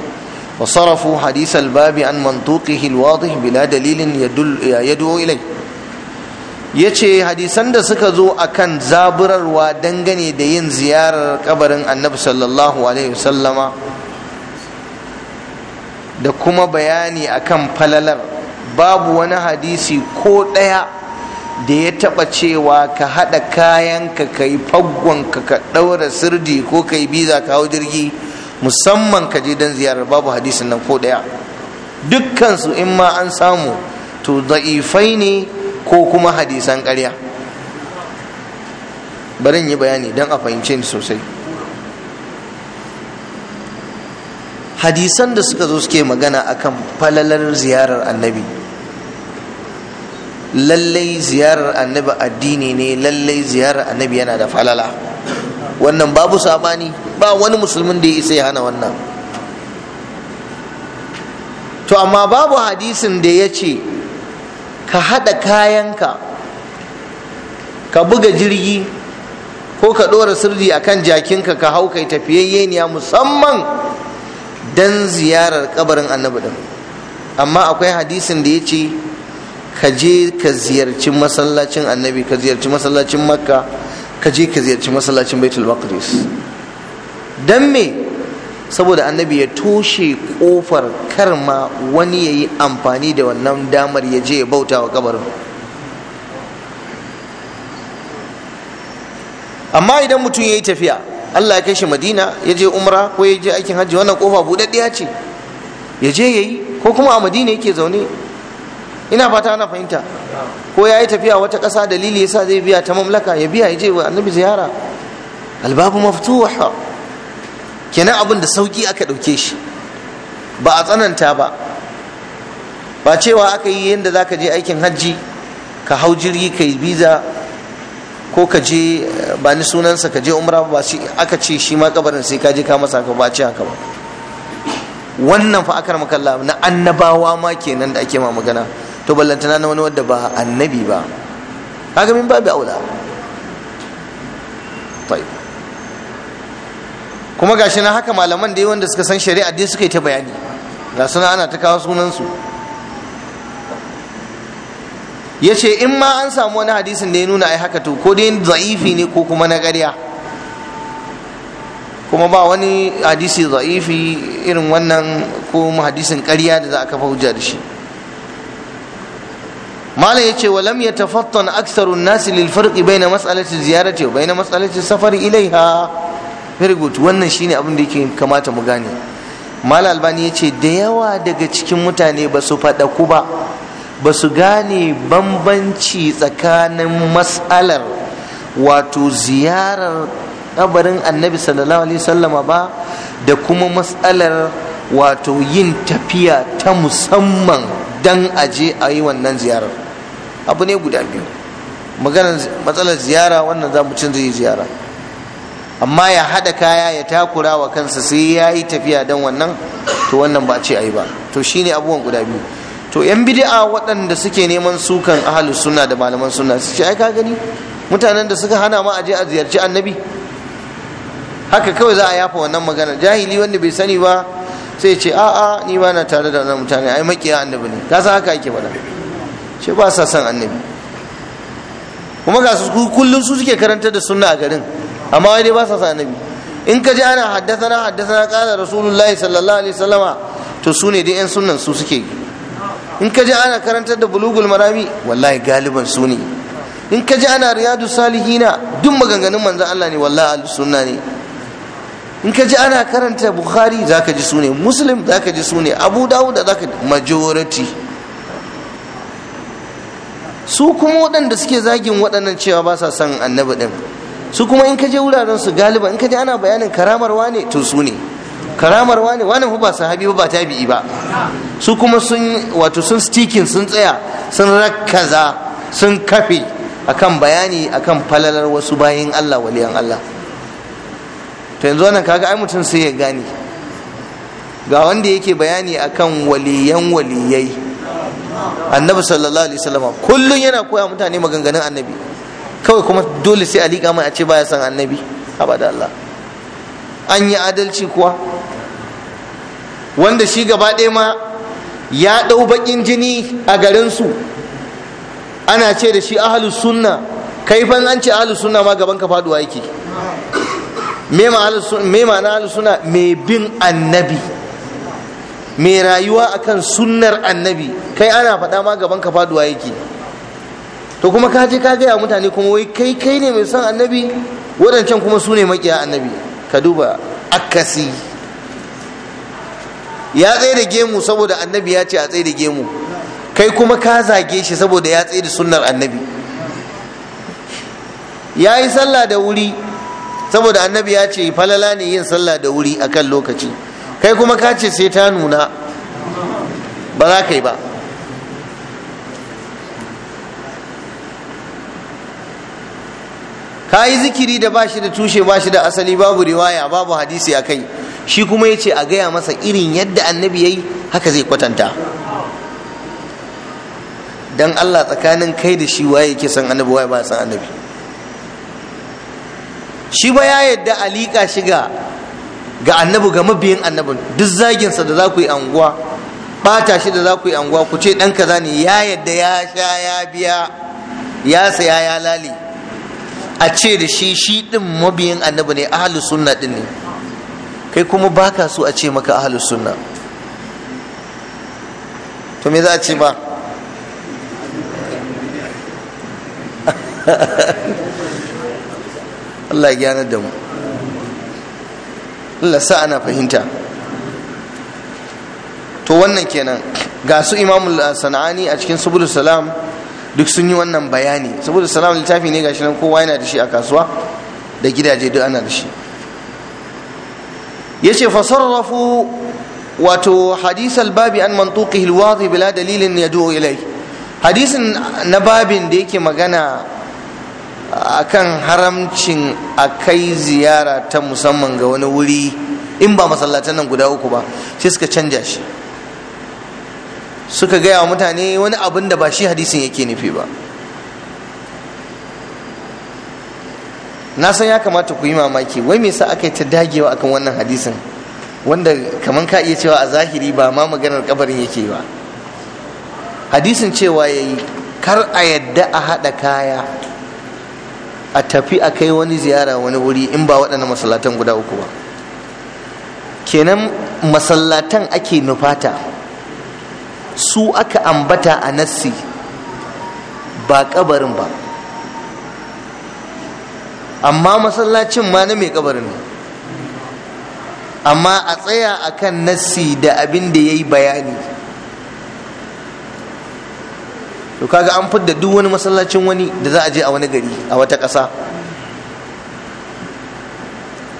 وصرفوا حديث الباب عن منطوقه الواضح بلا دليل يدل يدعو إليه yace hadisan da suka zo akan zaburarwa dangane da yin ziyarar kabarin annabi sallallahu alaihi wasallama da kuma bayani akan falalar babu wani hadisi ko ɗaya da ya taɓa cewa ka haɗa kayanka ka yi faggonka ka ɗaura sirdi ko ka yi biza ka hau jirgi musamman ka je don ziyarar babu hadisin nan ko ɗaya dukkansu in ma an samu to za'ifai ne ko kuma hadisan ƙarya bari yi bayani don a fahimce ni sosai hadisan da suka zo suke magana akan falalar ziyarar annabi lallai ziyarar annabi addini ne lallai ziyarar annabi yana da falala wannan babu sabani ba wani musulmin da ya isa ya hana wannan to amma babu hadisin da ya ce ka haɗa kayanka ka buga jirgi ko ka ɗora sirri a kan jakinka ka hau kai tafiyayyeniya musamman dan ziyarar kabarin annabi din amma akwai hadisin da ya ce ka je ka ziyarci masallacin annabi ka ziyarci masallacin makka ka je ka ziyarci masallacin baitul maqdis dan me saboda annabi ya toshe kofar karma wani ya yi amfani da wannan damar ya je ya bauta wa kabarin amma idan mutum ya yi tafiya Allah ya kai shi Madina ya je umra ko ya je aikin hajji wannan kofa buɗaɗɗiya ce ya je ya yi ko kuma a Madina yake zaune ina fata ana fahimta ko ya yi tafiya wata ƙasa dalili sa zai biya ta mamlaka ya biya ya je wa annabi ziyara albabu maftuha kenan abin da sauki aka ɗauke shi ba a tsananta ba ba cewa aka yi yadda za ka je aikin hajji ka hau jirgi ka yi biza ko ka je ba ni sunansa ka je umra ba shi aka ce shi ma kabarin sai ka je ka masa ka ba ce haka ba wannan fa akar makalla na annabawa ma kenan da ake ma magana to ballantana na wani wanda ba annabi ba kaga min babu aula tayyib kuma gashi na haka malaman da wanda suka san shari'a dai suka yi ta bayani ga suna ana ta kawo sunan su ya ce in ma an samu wani hadisin da ya nuna ai haka to ko dai za'ifi ne ko kuma na ƙarya kuma ba wani hadisi za'ifi irin wannan ko hadisin ƙarya da za a kafa hujja da shi malam ya ce wa lam ya tafattan aksarun nasi lil farqi baina mas'alati ziyarati wa na mas'alati safari ilaiha very good wannan shine abin da yake kamata mu gane malam albani ya ce da yawa daga cikin mutane ba su faɗa ku ba ba su gane bambanci tsakanin matsalar wato ziyarar kabarin annabi sallallahu alaihi sallama ba da kuma matsalar wato yin tafiya ta musamman don aje a yi wannan ziyarar abu ne guda biyu maganar matsalar ziyara wannan za mutum zai yi ziyara amma ya haɗa kaya ya takura wa kansa sai ya yi tafiya don wannan to wannan ba ce a yi ba to shine abubuwan guda biyu to yan bid'a waɗanda suke neman sukan ahalus suna da malaman suna su ce ai ka gani mutanen da suka hana ma aje a ziyarci annabi haka kawai za a yafa wannan magana jahili wanda bai sani ba sai ce a'a ni ba na tare da wannan mutane ai makiya annabi ne ka san haka ake faɗa ce ba sa son annabi kuma ga su kullum su suke karanta da sunna a garin amma wai dai ba sa son annabi in ka ji ana haddasa na haddasa na ƙara rasulullahi sallallahu alaihi wasallama to su ne dai 'yan sunnan su suke in ka ji ana karantar da bulugul marami wallahi galiban su ne in ka ji ana riyadu salihina duk maganganun manzan Allah ne wallahi sunna ne in ka ji ana karanta bukhari zaka ji su ne muslim zaka ji su ne abu dawud zaka ji majority su kuma waɗanda suke zagin waɗannan cewa ba sa son annabi ɗin su kuma in ka je wuraren su galiba in ka je ana bayanin karamarwa ne to su ne karamar wani wani ba sahabi ba tabi'i ba su kuma sun wato sun stikin sun tsaya sun rakkaza sun kafe akan bayani akan falalar wasu bayin Allah waliyan Allah to yanzu wannan kaga ai mutum sai ya gane ga wanda yake bayani akan waliyan waliyai annabi sallallahu alaihi wasallam kullun yana koya mutane maganganun annabi kawai kuma dole sai a liƙa mai a ce baya son annabi abada Allah an yi adalci kuwa wanda shi gaba ɗaya ma ya ɗau baƙin jini a garinsu ana ce da shi ahalus sunna kai fa an ce ahalus sunna ma gaban ka faɗuwa yake me ma'ana ahalus sunna mai bin annabi mai rayuwa akan sunnar annabi kai ana faɗa ma gaban ka faɗuwa yake to kuma ka je ka gaya mutane kuma wai kai kai ne mai son annabi waɗancan kuma su ne maƙiya annabi ka duba akasi ya tsaye da gemu saboda annabi ya ce a tsaye da gemu kai kuma ka zage shi saboda ya tsaye da sunnar annabi ya yi sallah da wuri saboda annabi ya ce falala ne yin sallah da wuri akan lokaci kai kuma ka ce sai ta nuna ba za ka yi ba ka yi zikiri da ba shi da tushe ba shi da asali babu riwaya babu hadisi a kai shi kuma ya ce a gaya masa irin yadda annabi ya yi haka zai kwatanta don allah tsakanin kai da shi waye ke san annabi waye ba san annabi shi ba ya yadda a liƙa shiga ga annabi ga mabiyin annabin duk zaginsa da za ku yi anguwa ɓata shi da za ku yi anguwa ku ce ɗan kaza ne ya yadda ya sha ya biya ya saya ya lale a ce da shi shi ɗin mabiyin annabi ne ahalus sunna ɗin ne kai kuma baka so a ce maka ahlus sunna to me za a ce ba [laughs] Allah ya gyanar da mu Allah sa ana fahimta to wannan kenan ga su imamul sana'ani a cikin subul salam duk sun yi wannan bayani subul salam littafi ne gashi nan kowa yana da shi a kasuwa da gidaje duk ana da shi ya yace fasarrafu wato hadisal babi an mantuƙi alwadhi bila dalilin yad'u ilai hadisin na babin da yake magana akan haramcin akai ziyara ta musamman ga wani wuri in ba masallatan nan guda uku ba sai suka canja shi suka gaya wa mutane wani abin da ba shi hadisin yake nufi ba na san ya kamata ku yi mamaki wai me yasa aka yi ta dagewa akan wannan hadisin wanda kamar ka iya cewa a zahiri ba ma maganar kabarin yake ba hadisin cewa yayi kar a yadda a haɗa kaya a tafi a kai wani ziyara wani wuri in ba waɗannan masallatan guda uku ba kenan masallatan ake nufata su aka ambata a nassi ba kabarin ba amma masallacin ma na mai kabarin ne amma a tsaya a kan nassi da abin da ya yi bayani to kaga an fidda duk wani masallacin wani da za a je a wani gari a wata ƙasa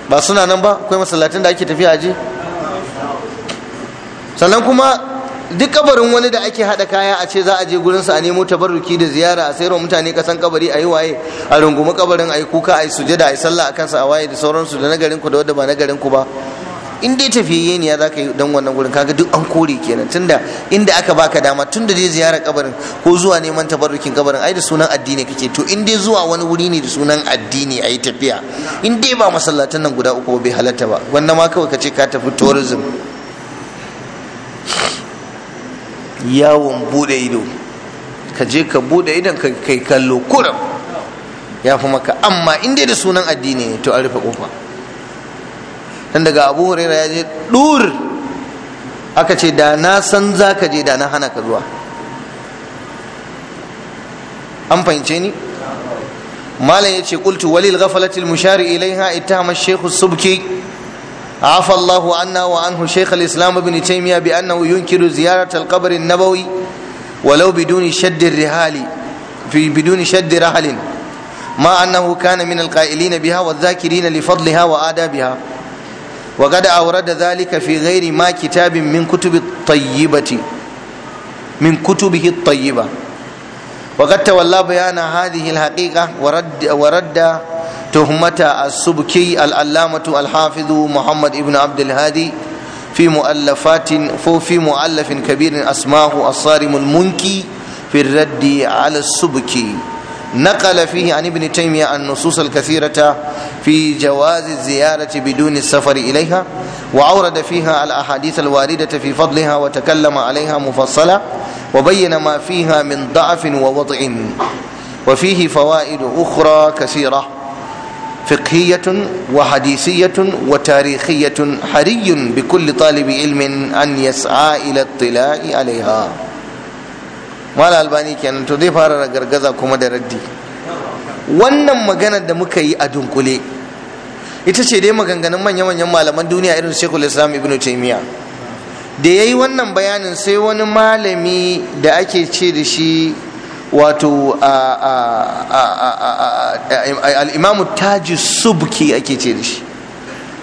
ba suna nan ba akwai masallacin da ake tafiya a je sannan kuma duk kabarin wani da ake hada kaya a ce za a je gurin a nemo tabarruki da ziyara a sayarwa mutane kasan kabari a yi waye a rungumi kabarin a yi kuka a yi sujada a yi sallah a kansa a waye da sauransu da nagarin ku da wanda ba nagarin ku ba in dai tafiye ne ya ka yi dan wannan gurin kaga duk an kore kenan tunda inda aka baka dama tunda dai ziyara kabarin ko zuwa neman tabarrukin kabarin ai da sunan addini kake to in dai zuwa wani wuri ne da sunan addini ayi tafiya in dai ba masallatan nan guda uku bai halatta ba wannan ma kawai ce ka tafi tourism yawon bude ido ka je ka bude idon ka kai kallo kuram ya fi maka amma in dai da sunan addini ne to an rufe kofa dan daga abu huraira ya je dur aka ce da na san za ka je da na hana ka zuwa an fahimce ni malam ya ce kultu walil ghafalatil mushari ilaiha ittahama shehu subki عفى الله عنا وعنه شيخ الإسلام ابن تيمية بأنه ينكر زيارة القبر النبوي ولو بدون شد الرحال في بدون شد رحل ما أنه كان من القائلين بها والذاكرين لفضلها وآدابها وقد أورد ذلك في غير ما كتاب من كتب الطيبة من كتبه الطيبة وقد تولى بيان هذه الحقيقة ورد ورد تهمة السبكي العلامة الحافظ محمد ابن عبد الهادي في مؤلفات في مؤلف كبير اسماه الصارم المنكي في الرد على السبكي نقل فيه عن ابن تيمية النصوص الكثيرة في جواز الزيارة بدون السفر إليها وأورد فيها الأحاديث الواردة في فضلها وتكلم عليها مفصلا وبين ما فيها من ضعف ووضع وفيه فوائد أخرى كثيرة فقهية وحديثية وتاريخية حري بكل طالب علم أن يسعى إلى الاطلاع عليها mala albani kenan to zai fara gargaza kuma da raddi wannan maganar da muka yi a dunkule ita ce dai maganganun manya-manyan malaman duniya irin shekul islam ibn taimiya da ya yi wannan bayanin sai wani malami da ake ce da shi wato al'imamu taji subki ake ce da shi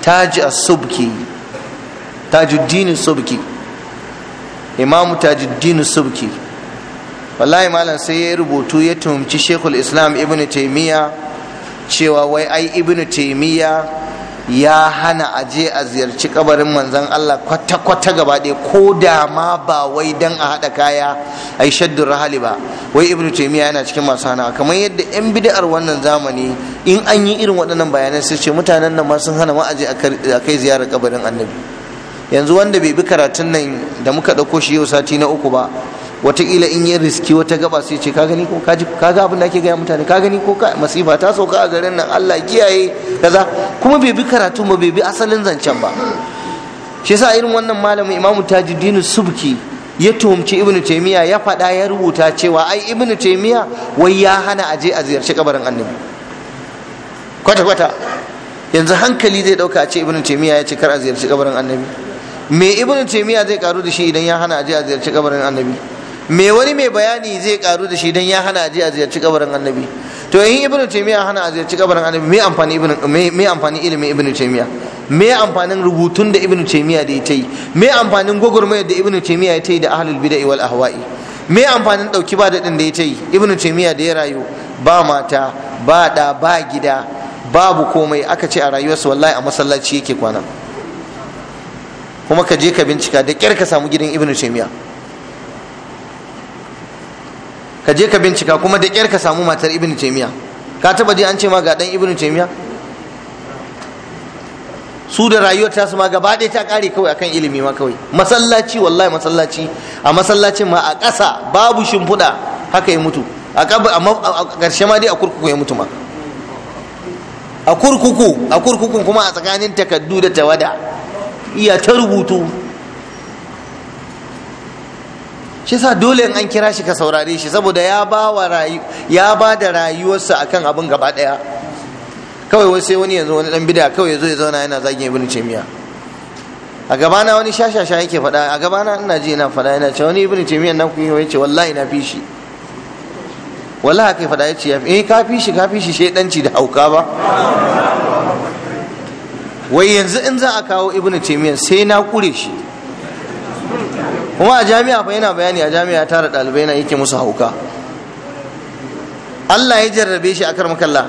taji a subki tajuddini subki imamu tajuddini subki wallahi malam sai ya rubutu ya tuhumci shekul islam ibn taimiyya cewa wai ai ibn taimiyya ya hana a je a ziyarci kabarin manzon Allah kwata-kwata gaba ɗaya ko da ma ba wai dan a haɗa kaya a yi shaddun rahali ba wai ibnu taimiyya yana cikin masu hana kamar yadda yan bid'ar wannan zamani in an yi irin waɗannan bayanan sai ce mutanen nan ma sun hana ma a je a kai ziyarar kabarin annabi yanzu wanda bai bi karatun nan da muka ɗauko shi yau sati na uku ba wataƙila in ya riski wata gaba sai ce ka gani ko ka ga abin da ake gaya mutane ka gani ko masifa ta sauka a garin nan Allah kiyaye kaza kuma bai bi karatu ba bai bi asalin zancen ba shi yasa irin wannan malamin Imam Tajuddin Subki ya tuhumci Ibn Taymiyyah ya faɗa ya rubuta cewa ai Ibn Taymiyyah wai ya hana aje a ziyarci kabarin Annabi kwata kwata yanzu hankali zai dauka a ce Ibn Taymiyyah ya ce kar a ziyarci kabarin Annabi me Ibn Taymiyyah zai karu da shi idan ya hana aje a ziyarci kabarin Annabi me wani mai bayani zai karu da shi don ya hana aje a ziyarci kabarin annabi to in ibnu taymiya hana a ziyarci kabarin annabi me amfani ibnu me amfani ilimin ibnu taymiya me amfanin rubutun da ibnu taymiya da yi, me amfanin gogurmayar da ibnu taymiya ya yi da ahlul bid'ah wal ahwa'i me amfanin dauki ba da din da ya yi ibnu taymiya da ya rayu ba mata ba da ba gida babu komai aka ce a rayuwarsa wallahi a masallaci yake kwana kuma ka je ka bincika da kyar ka samu gidan ibnu taymiya ka je ka bincika kuma da kyar ka samu matar ibn taimiya ka taba ji an ce ma ga dan ibn taimiya su da rayuwar su ma gaba ɗaya ta ƙare kawai akan ilimi ma kawai masallaci wallahi masallaci a masallacin ma a ƙasa babu shimfiɗa haka ya mutu a ƙarshe ma dai a kurkuku ya mutu ma a kurkuku a kurkukun kuma a tsakanin takaddu da tawada iya ta rubutu shi sa dole in an kira shi ka saurare shi saboda ya ba wa ya ba da rayuwarsa akan abin gaba daya kawai wai sai wani yanzu wani dan bida kawai yazo ya zauna yana zagin ibnu taymiya a gabana wani shashasha yake faɗa a gabana ina ji ina faɗa yana ce wani ibnu taymiya nan ku yi ce wallahi na fi shi wallahi kai faɗa yace eh ka fi shi ka fi shi shedanci da hauka ba wai yanzu in za a kawo ibn taymiya sai na kure shi kuma a jami'a fa yana bayani a jami'a tara ɗalibai yana yake musu hauka Allah ya jarrabe shi a makalla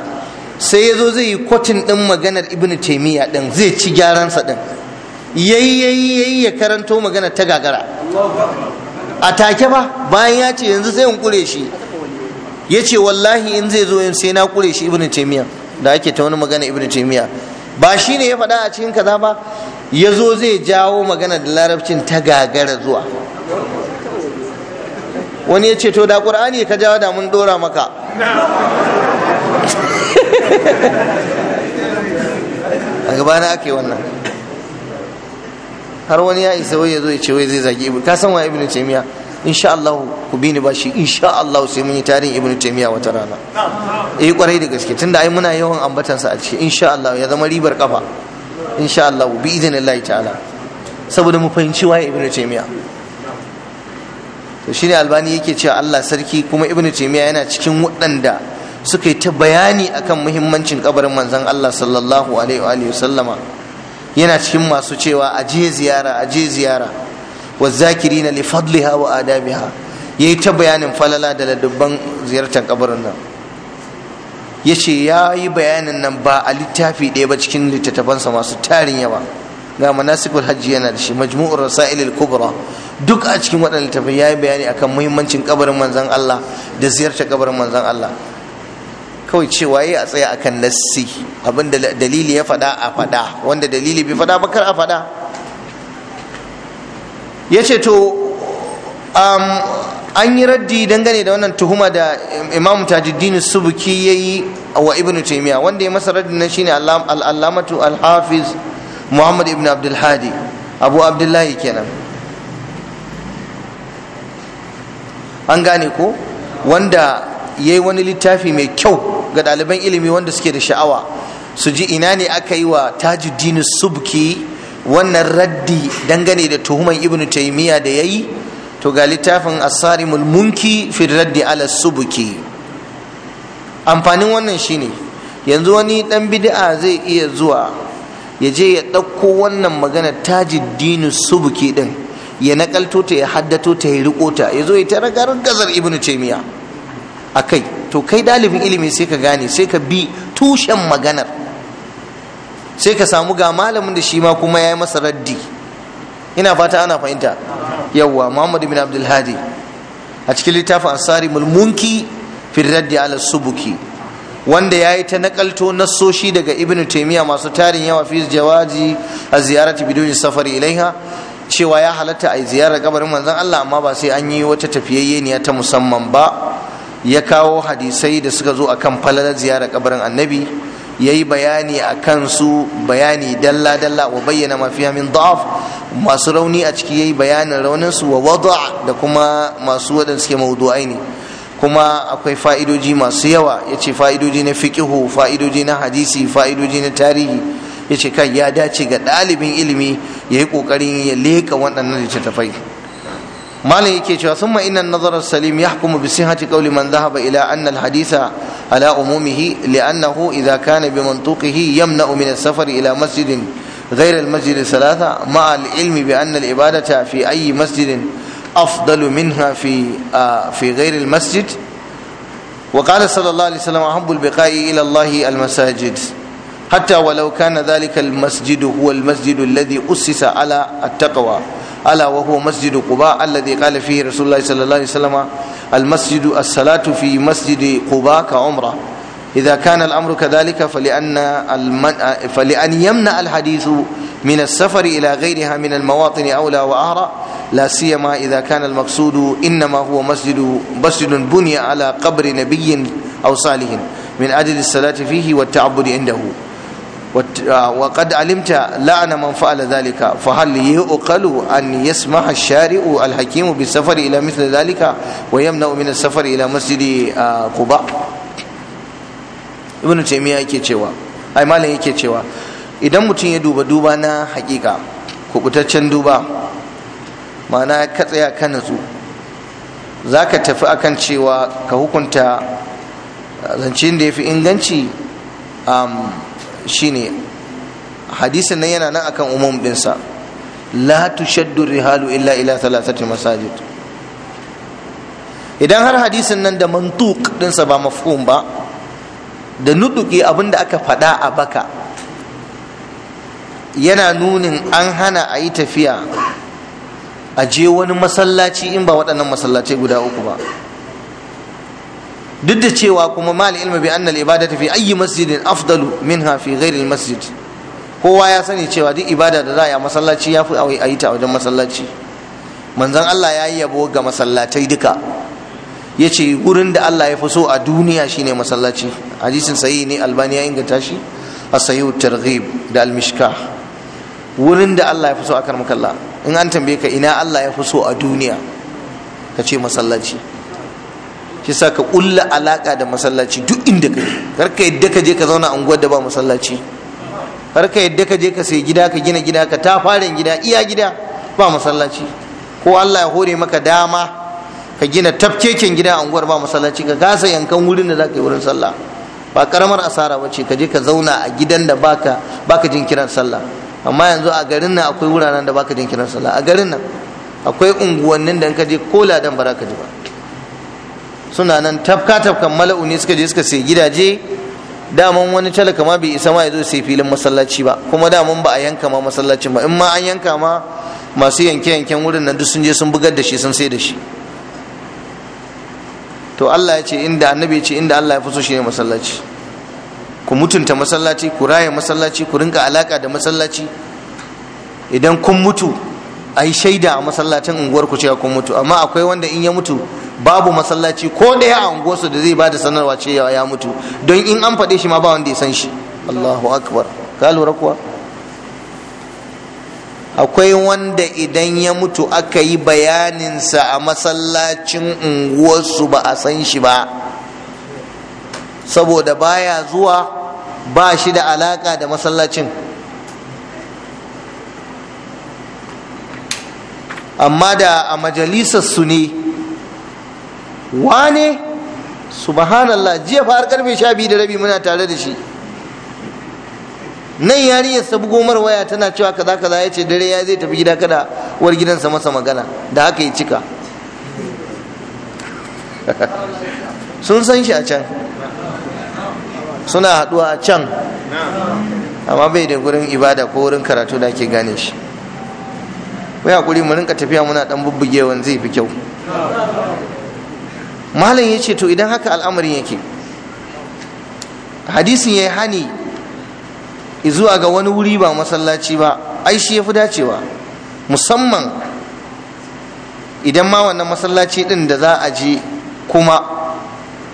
sai ya zo zai yi kwatin ɗin maganar ibn taimiyya ɗin zai ci gyaransa ɗin yayi ya karanto maganar ta gagara a take ba bayan ya ce yanzu sai in shi ya ce wallahi in zai zo yin sai na kure shi ibn taimiyya da ake ta wani magana ibn taimiyya ba shi ne ya faɗa a cikin kaza ba ya zo zai jawo magana da larabcin ta gagara zuwa wani ya ce to da ƙur'ani ka jawo da mun ɗora maka a gabana ake wannan har wani ya isa wai ya zo ya ce wai zai zagi ibu ka san wa ibnu taymiya insha Allah ku bi ni bashi insha Allah sai mun yi tarihin ibnu taymiya wata rana eh kwarai da gaske tunda ai muna yawan ambatan sa a cikin insha Allah ya zama ribar kafa insha Allah bi ta'ala saboda mu fahimci waye Ibn Taymiyyah to shine albani yake cewa Allah sarki kuma Ibn Taymiyyah yana cikin waɗanda suka yi ta bayani akan muhimmancin kabarin manzon Allah sallallahu alaihi wa alihi sallama yana cikin masu cewa aje ziyara aje ziyara wa zakirina li fadliha wa adabiha yayi ta bayanin falala da ladubban ziyartar kabarin nan ya ce ya yi bayanin nan ba a littafi ɗaya ba cikin littattafansa masu tarin yawa ga manasikul hajji yana da shi majmu'ur rasailul kubra duk a cikin waɗannan littafin ya yi bayani akan muhimmancin kabarin manzon Allah da ziyarta kabarin manzon Allah kawai cewa ya a tsaya akan nassi abinda dalili ya faɗa a faɗa wanda dalili bai faɗa ba kar a faɗa ya ce to an yi raddi dangane da wannan tuhuma da imam tajuddin subuki ya yi wa ibn taimiya wanda ya masa raddi na shine al'alamatu al-hafiz muhammad ibn abdulhadi abu abdullahi kenan an gane ko wanda ya yi wani littafi mai kyau ga ɗaliban ilimi wanda suke da sha'awa su ji ina ne aka yi wa tajuddin subki wannan raddi dangane da tuhuman ibn taimiya da ya yi to ga littafin asarimul munki fi ala subuki amfanin wannan shine yanzu wani dan bid'a zai iya zuwa ya je ya ɗauko wannan magana tajiddinu subuki din ya nakalto ta ya haddato ta ya riko ta ya zo ya ta gazar ibnu taymiya akai to kai dalibin ilimi sai ka gane sai ka bi tushen maganar sai ka samu ga malamin da shi ma kuma ya yi masa raddi ina fata ana fahimta yawwa muhammad bin abdul hadi a cikin littafin asari mulmunki fi ala subuki wanda ya yi ta nakalto nassoshi daga Ibn taimiyya masu tarin yawa fi jawaji a ziyarati biduni safari ilaiha cewa ya halatta a yi ziyarar kabarin manzon Allah amma ba sai an yi wata tafiyayyeniya ta musamman ba ya kawo hadisai da suka zo akan falalar ziyarar kabarin annabi ya yi bayani a kansu bayani dalla-dalla wa bayyana mafiya min da'af masu rauni a ciki yayi yi bayanin rauninsu wa wada da kuma masu waɗanda suke mawudu'ai ne kuma akwai fa'idoji masu yawa yace ce fa'idoji na fiƙihu fa'idoji na hadisi fa'idoji na tarihi yace kai ya dace ga ɗalibin ilimi ya yi ƙoƙarin ya leƙa waɗannan littattafai malam yake cewa ma inna nazarar salim yahkumu bi sihhati qawli man dhahaba ila anna al ala umumihi annahu idha kana bi mantuqihi yamna'u min as-safari ila masjidin غير المسجد الثلاثة مع العلم بأن العبادة في أي مسجد أفضل منها في آه في غير المسجد وقال صلى الله عليه وسلم أحب البقاء إلى الله المساجد حتى ولو كان ذلك المسجد هو المسجد الذي أسس على التقوى ألا وهو مسجد قباء الذي قال فيه رسول الله صلى الله عليه وسلم المسجد الصلاة في مسجد قباء كعمرة إذا كان الأمر كذلك فلأن المن... فلأن يمنع الحديث من السفر إلى غيرها من المواطن أولى وأهرى لا سيما إذا كان المقصود إنما هو مسجد مسجد بني على قبر نبي أو صالح من أجل الصلاة فيه والتعبد عنده وقد علمت لعن من فعل ذلك فهل يؤقل أن يسمح الشارع الحكيم بالسفر إلى مثل ذلك ويمنع من السفر إلى مسجد قباء ibn taymiya yake cewa ai malam yake cewa idan mutum ya duba duba na hakika kubutaccen duba ma'ana ka tsaya ka natsu za ka tafi akan cewa ka hukunta ah, zancen da ya fi inganci um, shine hadisin nan yana nan akan umum sa la tushaddu rihalu illa ila thalathati masajid idan har hadisin nan da mantuk ɗinsa ba mafhum ba da nuduki abinda aka faɗa a baka yana nunin an hana a yi tafiya a je wani masallaci in ba waɗannan masallacai guda uku ba duk da cewa kuma mal ilmi bi annal ibadatu fi ayyi masjidin afdalu minha fi ghairi masjid kowa ya sani cewa duk ibada da za a yi a masallaci ya fi a yi ta wajen masallaci manzon Allah ya yi yabo ga masallatai duka yace ce gurin da Allah ya fi so a duniya shine masallaci hadisin sahihi ne albani ya inganta shi a sahihu targhib da almishka wurin da Allah ya fi so a karmakalla in an tambaye ka ina Allah ya fi so a duniya ka ce masallaci shi sa ka ƙulla alaƙa da masallaci duk inda kai, kar ka yadda ka je ka zauna unguwar da ba masallaci kar ka yadda ka je ka sai gida ka gina gida ka ta farin gida iya gida ba masallaci ko Allah ya hore maka dama ka gina tafkeken gida a unguwar ba masallaci ka gasa yankan wurin da za ka yi wurin sallah ba karamar asara ba ce ka je ka zauna a gidan da baka baka jin kiran sallah amma yanzu a garin nan akwai wuraren da baka jin kiran sallah a garin nan akwai unguwannin da in ka je ko ladan ba za ka ji ba suna nan tafka tafkan mala'u ne suka je suka sai gidaje daman wani talaka ma bai isa ma ya zo sai filin masallaci ba kuma daman ba a yanka ma masallacin ba in ma an yanka ma masu yanke yanken wurin nan duk sun je sun bugar da shi sun sai da shi to Allah ya ce inda annabi ya ce inda Allah ya fi so ne masallaci ku mutunta masallaci ku raya masallaci ku rinka alaka da masallaci idan kun mutu ai shaida a masallacin unguwar ku cewa kun mutu amma akwai wanda in ya mutu babu masallaci ko ɗaya a unguwarsu da zai bada sanarwa cewa ya mutu don in an faɗe shi ma ba wanda ya san shi Allahu akbar ka lura kuwa akwai wanda idan ya mutu aka yi bayaninsa a masallacin unguwarsu ba a san shi ba saboda baya zuwa ba shi da alaka da masallacin amma da a majalisar su ne wane subhanallah jiya fa har karfe sha biyu da rabi muna tare da shi nan yarinyar sa gomar waya tana cewa kaza kaza ya ce dare ya zai tafi gida kada war gidansa masa magana da haka ya cika [laughs] sun san shi a can suna haɗuwa a can amma bai da gurin ibada ko wurin karatu da ake gane shi wai hakuri mu rinka tafiya muna dan bubbugewan zai fi kyau malam ya ce to idan haka al'amarin yake hadisin ya yi hani zuwa ga wani wuri ba masallaci ba ai shi ya fi dacewa musamman idan ma wannan masallaci din da za a je kuma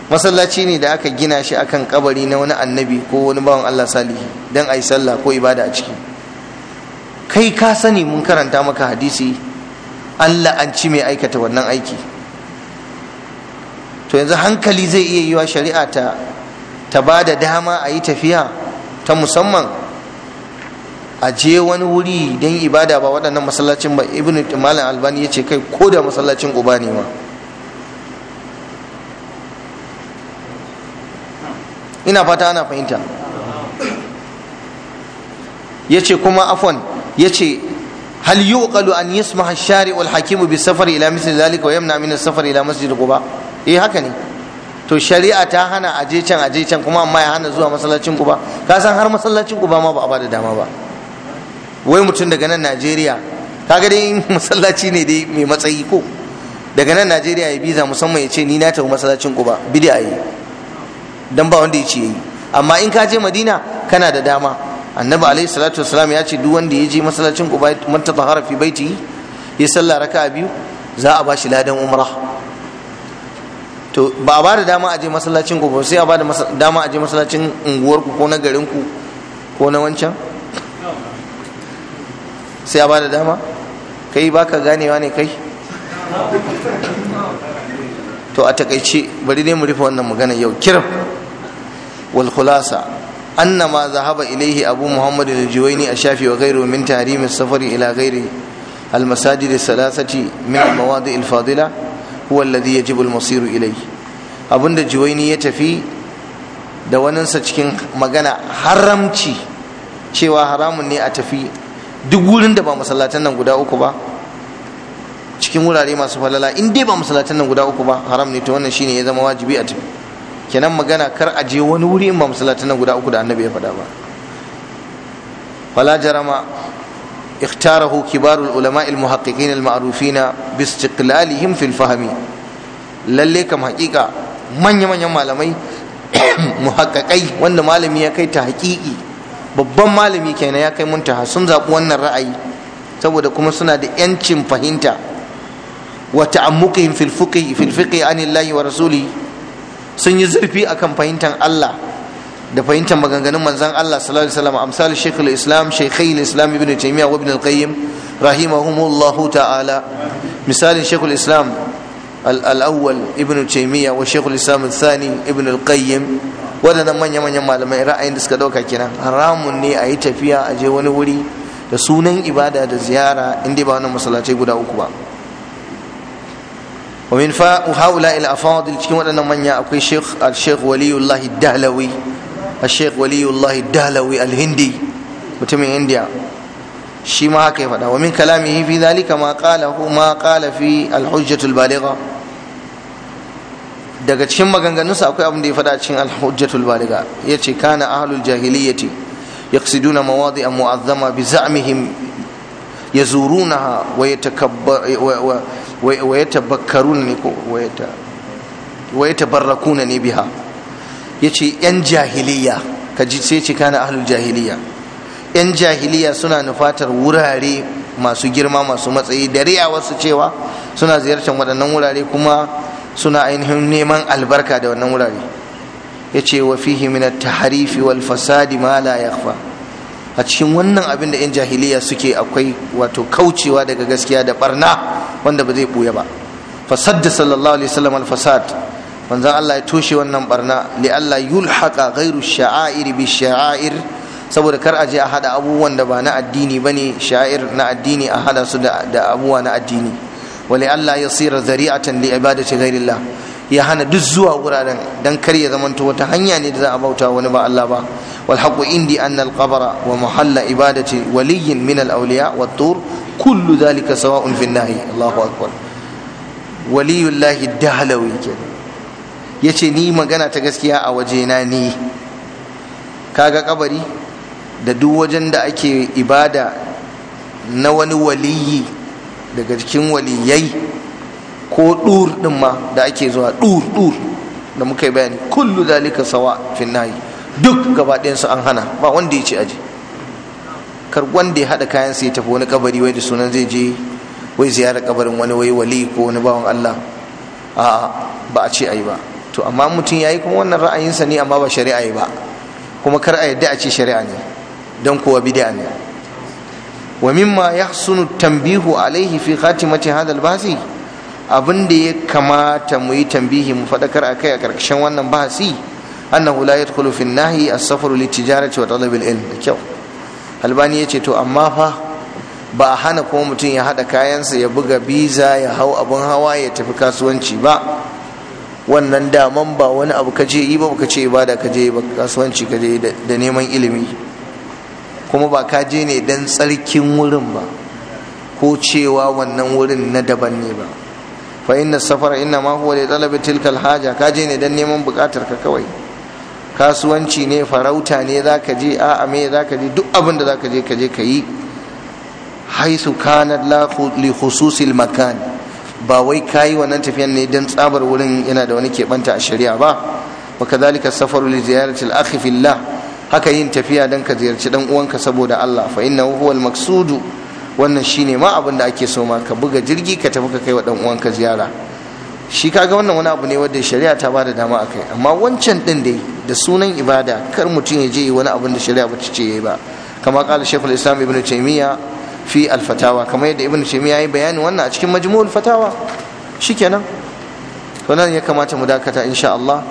masallaci ne da aka gina shi akan kabari na wani annabi ko wani bawan allah salihi don a yi sallah ko ibada a ciki kai ka sani mun karanta maka hadisi Allah an ci mai aikata wannan aiki to yanzu hankali zai iya yiwa shari'a ta ta ba da dama a yi tafiya ta musamman a je wani wuri don ibada ba waɗannan masallacin ba ibn malam albani ya ce kai ko da masallacin uba ne ma ina fata ana fahimta ya ce kuma afon yace hal yuqalu an yasmaha ash-shari'u wal hakimu bi safar ila misli zalika wa yamna min as-safar ila masjid quba eh haka ne to shari'a ta hana aje can aje can kuma amma ya hana zuwa masallacin quba ka san har masallacin quba ma ba a bada dama ba wai mutum daga nan Najeriya kaga dai [laughs] masallaci ne dai mai matsayi ko daga nan Najeriya ya biza musamman ya ce ni na tafi masallacin quba bid'a yi dan ba wanda ya ce yi amma in ka je Madina kana da dama annabi alaihi salatu wasalam ya ce duk wanda ya je masallacin quba man tatahara fi baiti ya sallah raka'a biyu za a bashi ladan umrah to ba a bada dama a je masallacin ku ba sai a bada dama a je masallacin unguwar ku ko na garin ku ko na wancan sai a bada dama kai baka ganewa ne kai to a takaice bari ne mu rufe wannan magana yau kiran wal khulasa أن ما ذهب إليه أبو محمد الجويني الشافعي وغيره من تحريم السفر إلى غير المساجد الثلاثة من المواد الفاضلة هو الذي يجب المصير إليه أبو الجويني يتفي دوانن سجكين مغانا magana haramci cewa haramun ne a tafi duk wurin da ba masallatan cikin wurare masu falala in dai ba masallatan nan guda uku ba haram ne to wannan shine ya zama wajibi a tafi kenan magana kar a je wani wuri in ba masallatin guda uku da annabi ya faɗa ba wala jarama اختاره muhaqqiqin al ma'rufina bi istiqlalihim fil fahmi lalle kam haqiqa manya manyan malamai [coughs] muhaqqaqai wanda malami ya kai ta haqiqi babban malami kenan ya kai muntaha sun zabi wannan ra'ayi saboda kuma suna da yancin fahimta wa ta'ammuqihim fil fiqh fil fiqh anillahi wa rasulihi sun yi zurfi akan fahimtar Allah da fahimtar maganganun manzon Allah sallallahu alaihi wasallam amsal shaykhul islam shaykhain islam ibn taymiyyah wa ibn al-qayyim rahimahumullah ta'ala misalin shaykhul islam al-awwal ibn taymiyyah wa shaykhul islam al-thani ibn al-qayyim waɗannan manya-manyan malamai ra'ayin da suka ɗauka kenan haramun ne a yi tafiya a je wani wuri da sunan ibada da ziyara inda ba wannan masallatai guda uku ba wa min fa haula il afadil cikin waɗannan manya akwai sheikh al sheikh waliyullah dahlawi al hindi mutumin india shi ma haka ya faɗa wa min kalamihi fi zalika ma qala ma qala fi al hujjatul baligha daga cikin maganganunsa akwai abin da ya faɗa cikin al hujjatul baligha yace kana ahlul jahiliyyati يقصدون مواضع معظمة بزعمهم يزورونها ويتكبر wa ya tabakkarun ne biha ya ce yan jahiliya ka ji sai ce kana ahlul jahiliya yan jahiliya suna nufatar wurare masu girma masu matsayi da riya wasu cewa suna ziyartar waɗannan wurare kuma suna ainihin neman albarka da wannan wurare ya ce wa fihi min at-tahrifi wal fasadi ma la yakhfa a cikin wannan abin da 'yan jahiliya suke akwai wato kaucewa daga gaskiya da barna wanda ba zai buya ba fasad da sallallahu alaihi wasallam al-fasad manzon Allah ya toshe wannan barna li Allah yulhaqa ghairu sha'air bi sha'air saboda kar a je a hada abubuwan da ba na addini bane sha'air na addini a hada su da abubuwa na addini wa li Allah yasira zari'atan li ibadati ghairillah ya hana duk zuwa wuraren dan kar ya zamanto wata hanya ne da za a bauta wani ba Allah ba wal haqu indi anna al qabra wa muhalla ibadati waliyyin min al awliya wat tur kullu dhalika sawa'un fi nahi Allahu akbar waliyullahi dahlawi yace ni magana ta gaskiya a waje na ni kaga kabari da duk wajen da ake ibada na wani waliyi daga cikin waliyai ko dur din ma da ake zuwa dur dur da muka yi bayani kullu zalika sawa fi nahi duk gaba su an hana ba wanda ya ce aje kar wanda ya haɗa kayan sai ya tafi wani kabari wai da sunan zai je wai ziyara kabarin wani wai wali ko wani bawan Allah a ba a ce ayi ba to amma mutum yayi kuma wannan ra'ayinsa ne amma ba shari'a yi ba kuma kar a yadda a ce shari'a ne don kuwa bid'a ne wa mimma yahsunu tanbihu alaihi fi khatimati hadha al-bahsi abin da ya kamata mu yi tambihi mu faɗakar akai a ƙarƙashin wannan bahasi annahu la yadkhulu fi nahi as-safar li tijarati wa talab al-ilm da kyau albani yace to amma fa ba a hana kuma mutum ya haɗa kayansa ya buga biza ya hau abin hawa ya tafi kasuwanci ba wannan daman ba wani abu kaje yi ba ka ce ibada kaje ba kasuwanci kaje da neman ilimi kuma ba ka je ne dan tsarkin wurin ba ko cewa wannan wurin na daban ne ba fa inna safara inna ma huwa li talabi tilka ka je ne dan neman bukatar ka kawai kasuwanci ne farauta ne ka je a'a me ka je duk abin da ka je ka je ka yi haisu kanat la li khususil makan ba wai kayi wannan tafiyan ne dan tsabar wurin yana da wani keɓanta a shari'a ba wa kadhalika safaru li ziyarati al-akhi fillah haka yin tafiya dan ka ziyarci dan uwanka saboda Allah fa innahu huwal maqsudu wannan shine ma abin da ake so ma ka buga jirgi ka tafi ka kai wa dan uwanka ziyara shi kaga wannan wani abu ne wanda shari'a ta bada dama akai amma wancan din dai da sunan ibada kar mutum ya je wani abin da shari'a ba ta ce yayi ba kama kala shaykhul islam ibnu taymiya fi al-fatawa kamar yadda ibnu taymiya yayi bayani wannan a cikin majmu'ul fatawa shikenan to ya kamata mu dakata insha Allah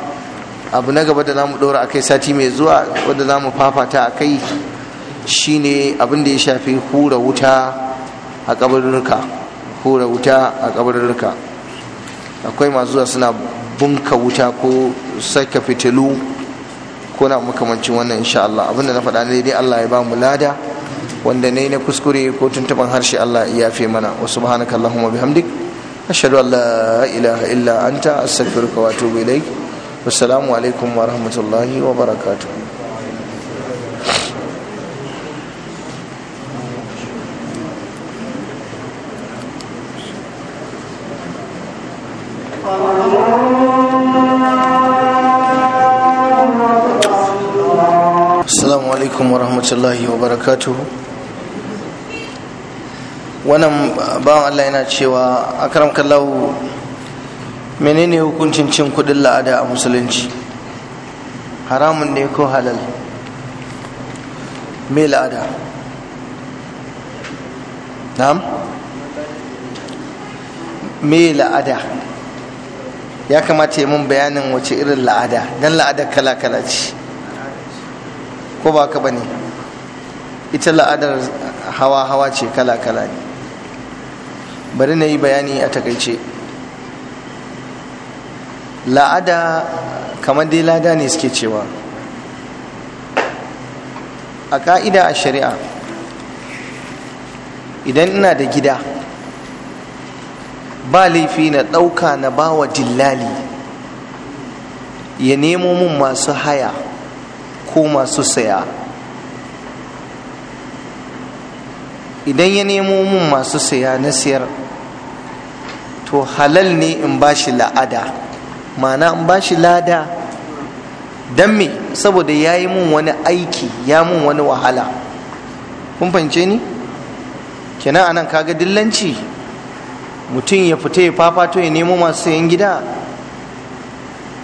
abu na gaba da zamu dora akai sati mai zuwa wanda zamu fafata akai shine abin da ya shafi hura wuta a kabarurruka hura wuta a kabarurruka akwai masu zuwa suna bunka wuta ko saka fitilu ko na makamancin wannan insha Allah abinda na faɗa ne dai Allah ya ba mu lada wanda ne na kuskure ko tuntuban harshe Allah ya fi mana wa subhanaka allahumma bihamdik ashhadu an la ilaha illa anta astaghfiruka wa atubu ilaik wassalamu alaikum wa rahmatullahi wa barakatuh rahmatullahi wa barakatuhu wannan ba Allah yana cewa akram kallahu menene hukuncin cin kudin la'ada a musulunci haramun ne ko halal me la'ada na'am me la'ada ya kamata yi mun bayanin wace irin la'ada don la'ada kala-kala ce ko ba ka ba ne. ita la'adar hawa-hawa ce kala-kala ne bari na yi bayani a takaice la'ada kamar dai lada ne suke cewa a ka'ida a shari'a idan ina da gida ba laifi na ɗauka na bawa dillali ya nemo mun masu haya ko masu saya idan ya nemo mun masu saya na siyar to halal ne in ba shi la'ada mana in ba shi lada don me saboda ya yi mun wani aiki ya mun wani wahala kun fahimce ni kenan anan kaga dillanci mutum ya fita ya fafato ya nemo masu sayan gida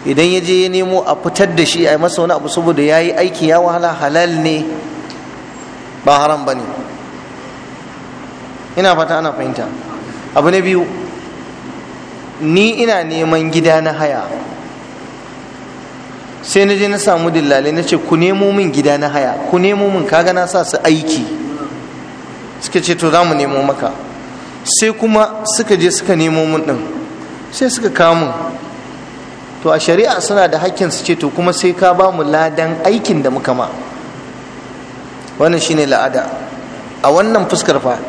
idan ya je ya nemo a fitar da shi a yi masa wani abu saboda ya yi aiki ya wahala halal ne ba haram ba ne ina fata ana fahimta abu na biyu ni ina neman gida na haya sai na je na samu dillalai na ce ku nemo min gida na haya ku nemo min kaga na sa su aiki suka ce to za mu nemo maka sai kuma suka je suka nemo min din sai suka min to a shari'a suna da hakkin su ce to kuma sai ka ba mu ladan aikin da muka ma wannan shine la'ada a wannan fuskar fa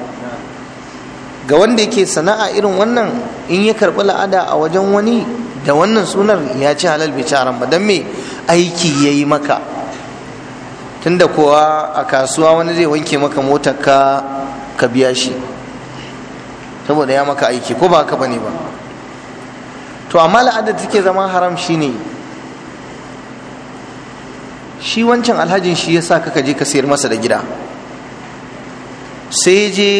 ga wanda yake sana'a irin wannan in ya karɓi la'ada a wajen wani da wannan sunar ya ci halal bai caran ba don me aiki ya yi maka tunda kowa a kasuwa wani zai wanke maka motar ka ka biya shi saboda ya maka aiki ko ba haka bane ba to amma la'ada take zama haram shi ne, shi wancan alhajin shi ya sa kaka je ka sayar masa da gida sai je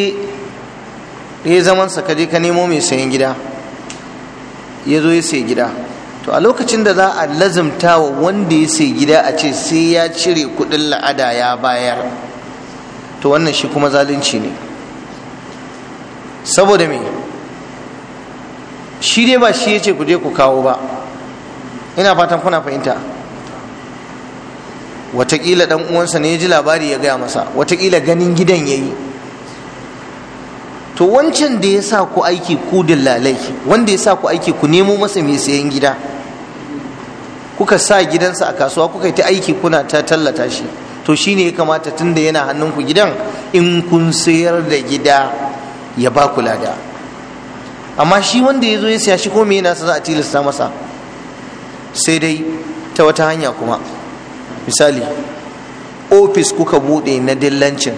da eh, ya zaman sa kaje ka nemo mai sayan gida ya zo ya sayi gida to a lokacin da za a lazimta wa wanda ya sayi gida a ce sai ya cire kudin la'ada ya bayar to wannan shi kuma zalunci ne saboda me shi dai ba shi ya ce ku ku kawo ba ina fatan kuna fahimta watakila dan uwansa ne ya ji labari ya gaya masa watakila ganin gidan ya yi to wancan da ya sa ku aiki ku dillalai wanda ya sa ku aiki ku nemo masa mai sayan gida kuka sa gidansa a kasuwa kuka yi ta aiki kuna ta tallata shi to shi ne ya kamata tunda yana hannun ku gidan in kun sayar da gida ya ba ku lada amma shi wanda ya zo ya siya shi ko me yana za a tilasta masa sai dai ta wata hanya kuma misali ofis kuka buɗe na dillancin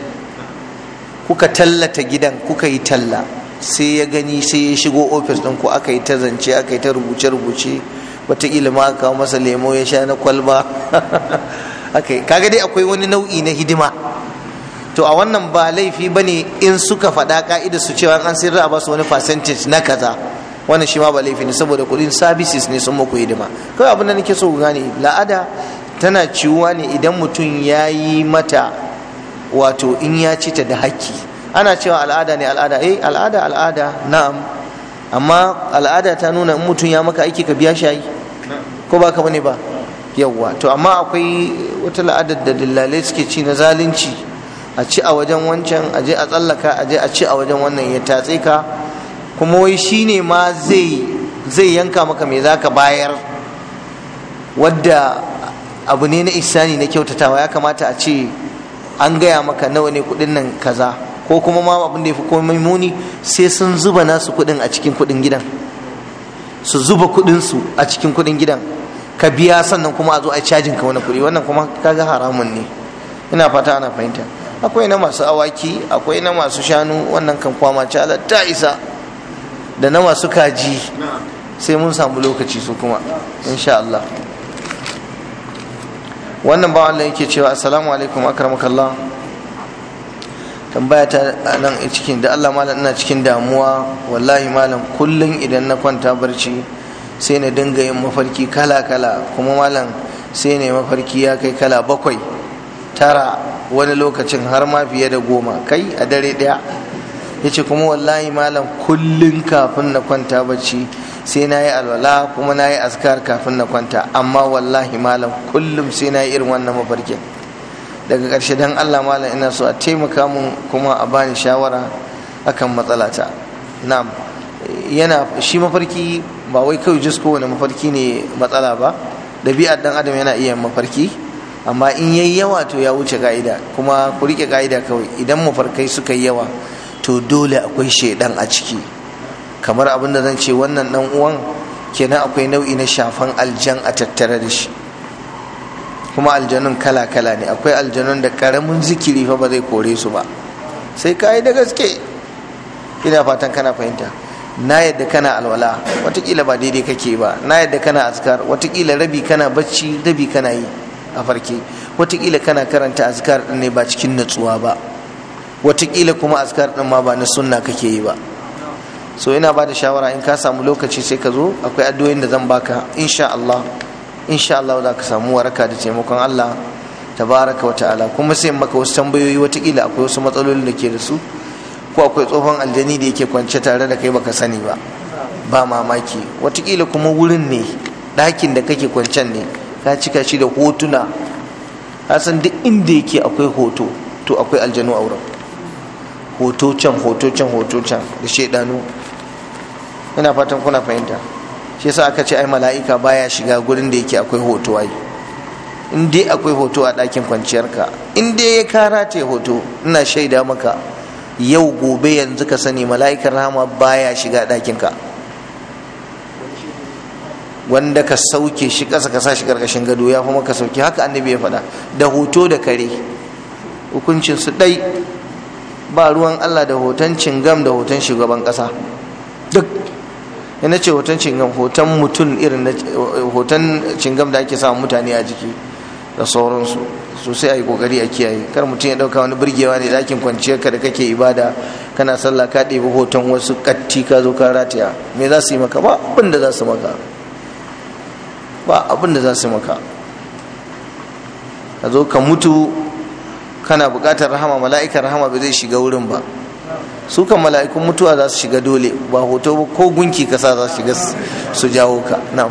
kuka tallata gidan kuka yi talla sai ya gani sai ya shigo ofis ɗin ku aka yi ta zance aka yi ta rubuce-rubuce wataƙila ma aka kawo masa lemo ya sha na kwalba [laughs] kaga dai akwai wani nau'i na hidima to a wannan ba laifi ba ne in suka faɗa ka'ida su cewa an sayar da basu wani percentage na kaza wannan shi ma ba laifi ne saboda kuɗin services ne sun muku hidima kawai abin da nake so gane la'ada tana ciwuwa ne idan mutum ya yi mata wato in ya ci ta da hakki ana cewa al'ada ne al'ada eh al'ada al'ada na'am amma al'ada ta nuna in mutum ya maka aiki ka biya shi ko ba ka bane ba yawwa to amma akwai wata la'adar da dillalai suke ci na zalunci a ci a wajen wancan a je a tsallaka a je a ci a wajen wannan ya tatse ka kuma wai shine ma zai zai yanka maka me zaka bayar wadda abu ne na isani na kyautatawa ya kamata a ce an gaya maka nawa ne kuɗin nan kaza ko kuma ma abin da ya fi komai muni sai sun zuba nasu kuɗin a cikin kuɗin gidan su zuba su a cikin kuɗin gidan ka biya sannan kuma a zo a cajin ka wani kuɗi wannan kuma kaga haramun ne ina fata ana fahimta akwai na masu awaki akwai na masu shanu wannan kan kwama Allah ta isa da na masu kaji sai mun samu lokaci su kuma insha Allah wannan ba Allah yake cewa assalamu alaikum akramakallah tambaya ta nan cikin da Allah malam ina cikin damuwa wallahi malam kullum idan na kwanta barci sai na dinga yin mafarki kala kala kuma malam sai ne mafarki ya kai kala bakwai tara wani lokacin har ma fiye da goma kai a dare daya yace kuma wallahi malam kullum kafin na kwanta barci sai na yi alwala kuma na yi askar kafin na kwanta amma wallahi malam kullum sai na yi irin wannan mafarkin daga ƙarshe don allah malam ina so a taimaka mun kuma a bani shawara akan matsalata na yana shi mafarki ba wai kawai jis kowane mafarki ne matsala ba ɗabi'ar dan adam yana iya mafarki amma in yayi yawa to ya wuce ka'ida kuma ku riƙe ka'ida kawai idan mafarkai suka yi yawa to dole akwai shaidan a ciki kamar abin da zan ce wannan dan uwan kenan akwai nau'i na shafan aljan a tattare da shi kuma aljanun kala kala ne akwai aljanun da karamin zikiri fa ba zai kore su ba sai ka yi da gaske ina fatan kana fahimta na yadda kana alwala watakila ba daidai kake ba na yadda kana azkar watakila rabi kana bacci rabi kana yi a farke watakila kana karanta azkar din ne ba cikin natsuwa ba watakila kuma azkar din ma ba na sunna kake yi ba so ina ba da shawara in ka samu lokaci sai ka zo akwai addu'o'in da zan baka insha Allah insha Allah za ka samu waraka da taimakon Allah tabaraka wa ta'ala kuma sai maka wasu tambayoyi watakila akwai wasu matsaloli da ke da su ko akwai tsohon aljani da yake kwance tare da kai baka sani ba ba mamaki watakila kuma wurin ne ɗakin da kake kwancen ne ka cika shi da hotuna san duk inda yake akwai hoto to akwai aljanu a wurin hoto can hoto can hoto can da shaidanu ina fatan kuna fahimta shi yasa aka ce ai mala'ika baya shiga gurin da yake akwai hoto ai in dai akwai hoto a ɗakin kwanciyarka in dai ya kara ta hoto ina shaida maka yau gobe yanzu ka sani mala'ikar rahama baya shiga ɗakinka wanda ka sauke shi ƙasa ka sa shi ƙarƙashin gado ya fi maka sauke haka annabi ya faɗa da hoto da kare hukuncin su ɗai ba ruwan allah da hoton cingam da hoton shugaban ƙasa ina ce hoton cingam hoton mutum irin hoton cingam da ake samun mutane a jiki da sauransu sosai a yi kokari a kiyaye kar mutum ya dauka wani burgewa ne dakin kwanciyar ka da kake ibada kana sallah ka ɗebi hoton wasu katti ka zo ka rataya me za su yi maka ba abin da za su maka ba abin da za su maka ka zo ka mutu kana buƙatar rahama mala'ikar rahama ba zai shiga wurin ba su kan mala'ikun mutuwa za su shiga dole ba hoto ba ko gunki kasa za su shiga su jawo ka na'am na'am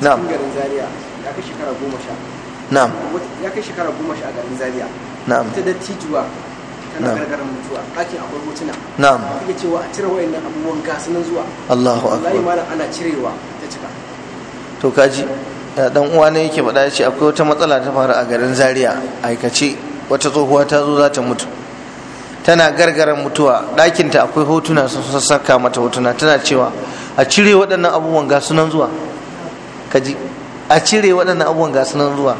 na'am na'am na'am Allahu to kaji uwa ne yake faɗa ya ce akwai wata matsala ta faru a garin zaria aikace wata tsohuwa ta zo za ta mutu tana gargaran mutuwa ɗakinta akwai hotuna sun sassaka mata hotuna tana cewa a cire waɗannan abubuwan ga sunan zuwa ji. a cire waɗannan abubuwan ga sunan zuwa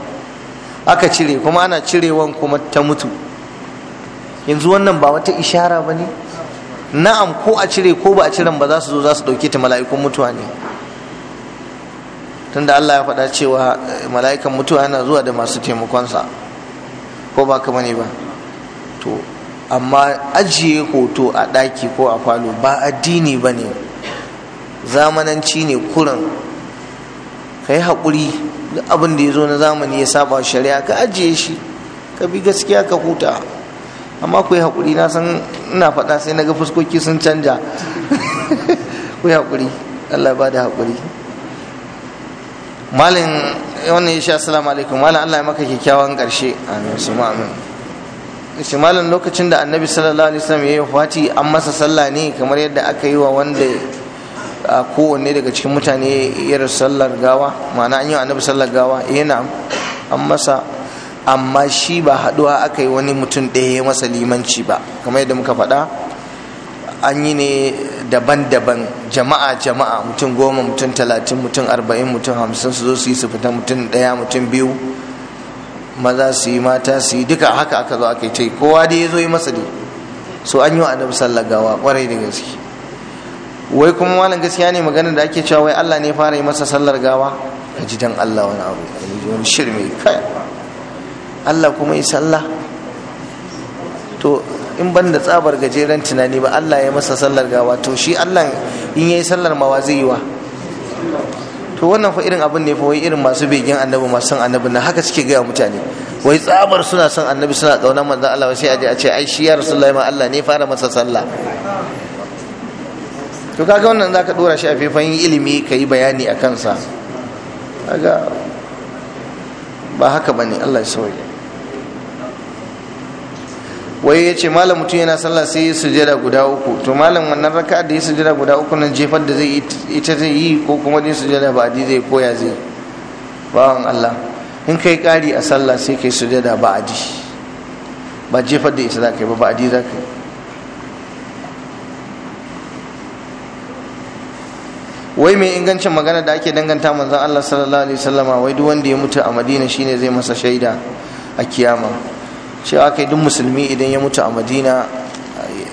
aka cire kuma ana cirewan kuma ta mutu yanzu wannan ba wata ishara ba ne na'am ko a cire ko ba a ciren ba za su zo za su ɗauke ta mala'ikun mutuwa ne tunda Allah ya faɗa cewa mala'ikan mutuwa yana zuwa da masu taimakonsa ko ba kama ne ba to amma ajiye hoto a ɗaki ko a falo ba addini ba ne zamananci ne kurin ka yi haƙuri abin da ya zo na zamani ya saba shari'a ka ajiye shi ka bi gaskiya ka huta amma ku yi haƙuri na san ina faɗa sai na ga fuskoki sun canja [laughs] ku yi haƙuri allah ba da haƙuri malin wannan ya sha assalamu alaikum malin Allah ya maka kyakkyawan karshe amin su amin shi malin lokacin da annabi sallallahu alaihi wasallam ya yi fati an masa sallah ne kamar yadda aka yi wa wanda a kowanne daga cikin mutane irin sallar gawa ma'ana an yi annabi sallar gawa yana eh, an masa amma shi ba haduwa aka yi wani mutum ɗaya ya masa limanci ba kamar yadda muka faɗa an yi ne daban-daban jama'a jama'a mutum goma mutum talatin mutum arba'in mutum hamsin su zo su yi su fita mutum ɗaya mutum biyu maza su yi mata su yi duka haka aka zo aka yi ta yi kowa da ya zo yi masa dai so an yi wa annabi sallagawa kwarai da gaske wai kuma malam gaskiya ne maganar da ake cewa wai Allah ne fara yi masa sallar gawa ka ji Allah wani abu wani shirme kai Allah kuma yi sallah to in ban da tsabar gajeren tunani ba Allah ya masa sallar gawa to shi Allah in yayi sallar ma wa zai yi wa to wannan fa irin abin ne fa wai irin masu begen annabi masu san annabi na haka suke gaya mutane wai tsabar suna son annabi suna kauna manzon Allah sai aje a ce ai shi ya rasulullahi ma Allah ne fara masa sallah to kaga wannan zaka dora shi a fefan ilimi ka yi bayani a kansa kaga ba haka bane Allah ya sauya wai ya ce malam mutum yana sallah sai ya sujada guda uku to malam wannan raka da ya sujada guda uku nan jefar da zai ita zai yi ko kuma zai sujada ba adi zai koya zai bawan Allah in kai kari a sallah sai kai sujada ba adi ba jefar da ita za ka yi ba ba adi za ka yi wai mai ingancin magana da ake danganta manzon Allah sallallahu alaihi wasallama wai duk wanda ya mutu a Madina shine zai masa shaida a kiyama cewa kai duk musulmi idan ya mutu a madina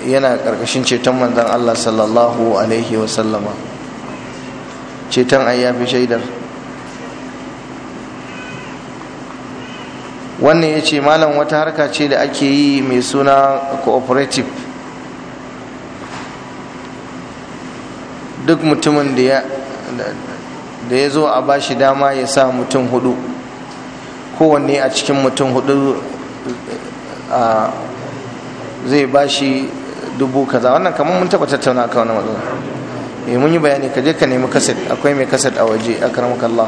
yana karkashin ceton manzon Allah sallallahu alaihi wa sallama ceton ya fi shaidar wannan ya ce malam wata harka ce da ake yi mai suna cooperative duk mutumin da ya zo a bashi dama ya sa mutum hudu kowanne a cikin mutum hudu zai ba shi dubu kaza wannan kamar mun taɓa tattauna kan wannan matsala eh mun yi bayani ka je ka nemi kaset akwai mai kaset a waje akramaka Allah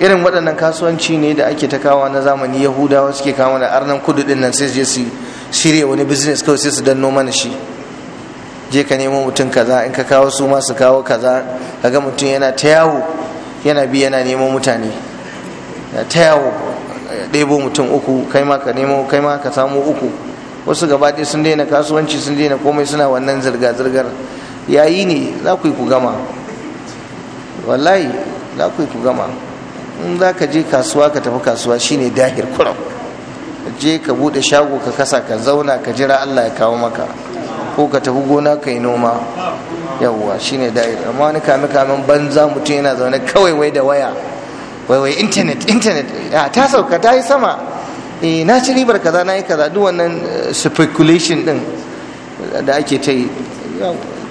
irin waɗannan kasuwanci ne da ake ta kawo na zamani yahudawa suke kawo da arnan kudu din nan sai su je su shirya wani business kawai sai su danno mana shi je ka nemo mutum kaza in ka kawo su ma su kawo kaza kaga mutum yana ta yawo yana bi yana neman mutane ta yawo ɗebo mutum uku kai ma ka nemo kai ma ka samu uku wasu gaba ɗaya sun daina kasuwanci sun daina komai suna wannan zirga-zirgar yayi ne za ku yi ku gama wallahi za ku yi ku gama in za ka je kasuwa ka tafi kasuwa shine dahir kuram je ka buɗe shago ka kasa ka zauna ka jira allah ya kawo maka ko ka tafi gona ka yi noma yawwa shine dahir amma wani kame-kamen banza mutum yana zaune kawai wai da waya waiwai intanet intanet ah, ta sauka ta yi sama eh, na ci ribar kaza na yi kaza duk wannan eh, speculation din da ake ta yi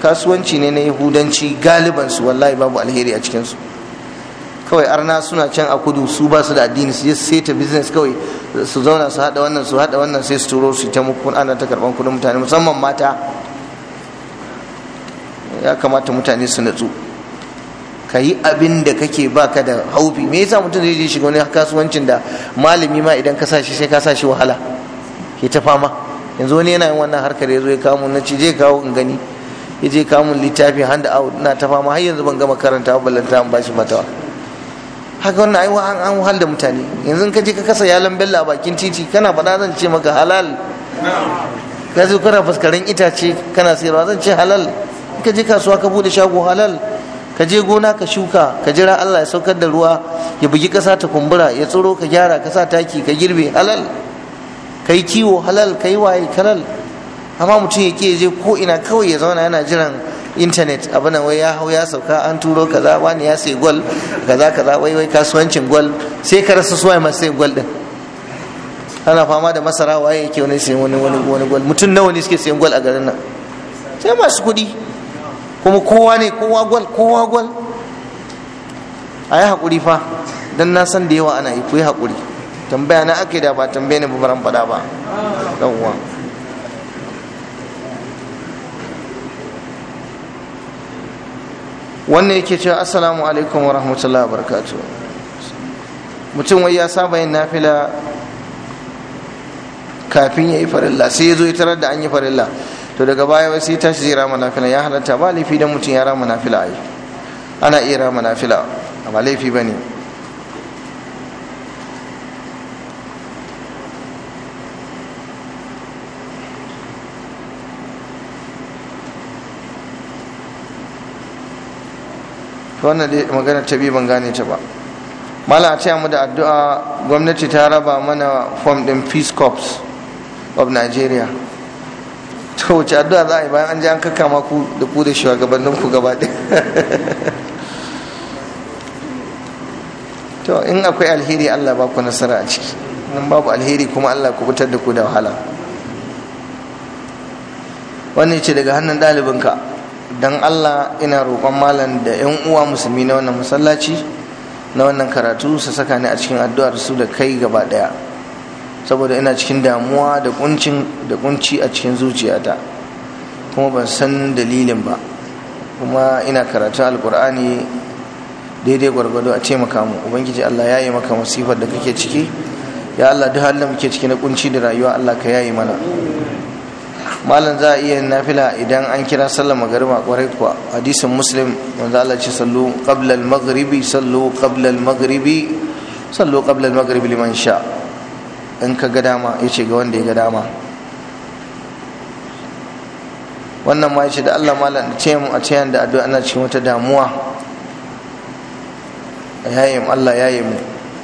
kasuwanci ne na yahudanci galibansu wallahi babu alheri a su kawai arna suna can a kudu su ba su da addini su sai ta business kawai su zauna su hada wannan su hada wannan sai su turo su ta muku ana ta karban kudin mutane musamman mata ya kamata mutane su natsu ka yi abin da kake baka da haufi me yasa mutum zai je shiga wani kasuwancin da malami ma idan ka sa shi sai ka sa shi wahala ke ta fama yanzu wani yana yin wannan harkar ya zo ya kawo na ce je kawo in gani ya je kawo mun littafi hand out na ta fama har yanzu ban gama karanta ba ta, an bashi matawa haka wannan ai an an wahal da mutane yanzu ka je ka kasa yalan bella a bakin titi kana ba zan ce maka halal ka zo kana fuskarin itace kana sayarwa zan ce halal ka je kasuwa ka bude shago halal ka je gona ka shuka ka jira Allah ya saukar da ruwa ya bugi ƙasa ta kumbura ya tsoro ka gyara ka sa taki ka girbe halal ka yi kiwo halal ka yi waye halal amma mutum ya ke je ko ina kawai ya zauna yana jiran intanet abin wai ya hau ya sauka an turo kaza wani ya sai gwal kaza kaza wai wai kasuwancin gwal sai ka rasa suwa masu sai gwal din ana fama da masara waye yake wani sai wani wani gwal mutum nawa ne suke sayan gwal a garin nan sai masu kuɗi kuma kowa ne kowa gwal kowa gwal a yi haƙuri fa don na san da yawa ana yi ku yi haƙuri tambaya na ake da ba tambaya ne babaran bada ba ɗan wannan yake cewa assalamu alaikum wa rahmatullahi wa mutum wai ya saba yin nafila kafin ya yi farilla sai ya zo ya tarar da an yi farilla to daga baya wai sai tashi zai rama nafila ya halatta ba laifi don mutum ya rama nafila ai ana iya rama nafila ba laifi bane wannan dai magana ta bi ban gane ta ba mala a cewa mu da addu'a gwamnati ta raba mana form din peace corps of nigeria to wace addu'a za a yi bayan an ji an ma ku da ku da shugabannin ku gaba [laughs] to in akwai alheri Allah ba ku nasara a ciki nan babu alheri kuma Allah ku fitar da ku da wahala wannan ce daga hannun ɗalibinka don Allah ina roƙon malam da ƴan uwa musulmi na wannan masallaci na wannan karatu su saka ni a cikin addu'ar su da kai gaba ɗaya saboda ina cikin damuwa da kuncin da kunci a cikin zuciyata kuma ban san dalilin ba kuma ina karatu alkur'ani daidai gwargwado a taimaka mu ubangiji Allah ya yi maka masifar da kake ciki ya Allah duk halin muke ciki na kunci da rayuwa Allah ka yayi mana malam za a iya nafila idan an kira sallar magariba kwarai kuwa hadisin muslim wanda Allah ce sallu qabla al-maghribi sallu qabla al-maghribi sallu qabla al-maghribi liman sha' in ka ga dama ya ce ga wanda ya ga dama wannan ma ya ce da allah malam da mu a tayan da addu'a ana cikin wata damuwa yaye mu allah yaye mu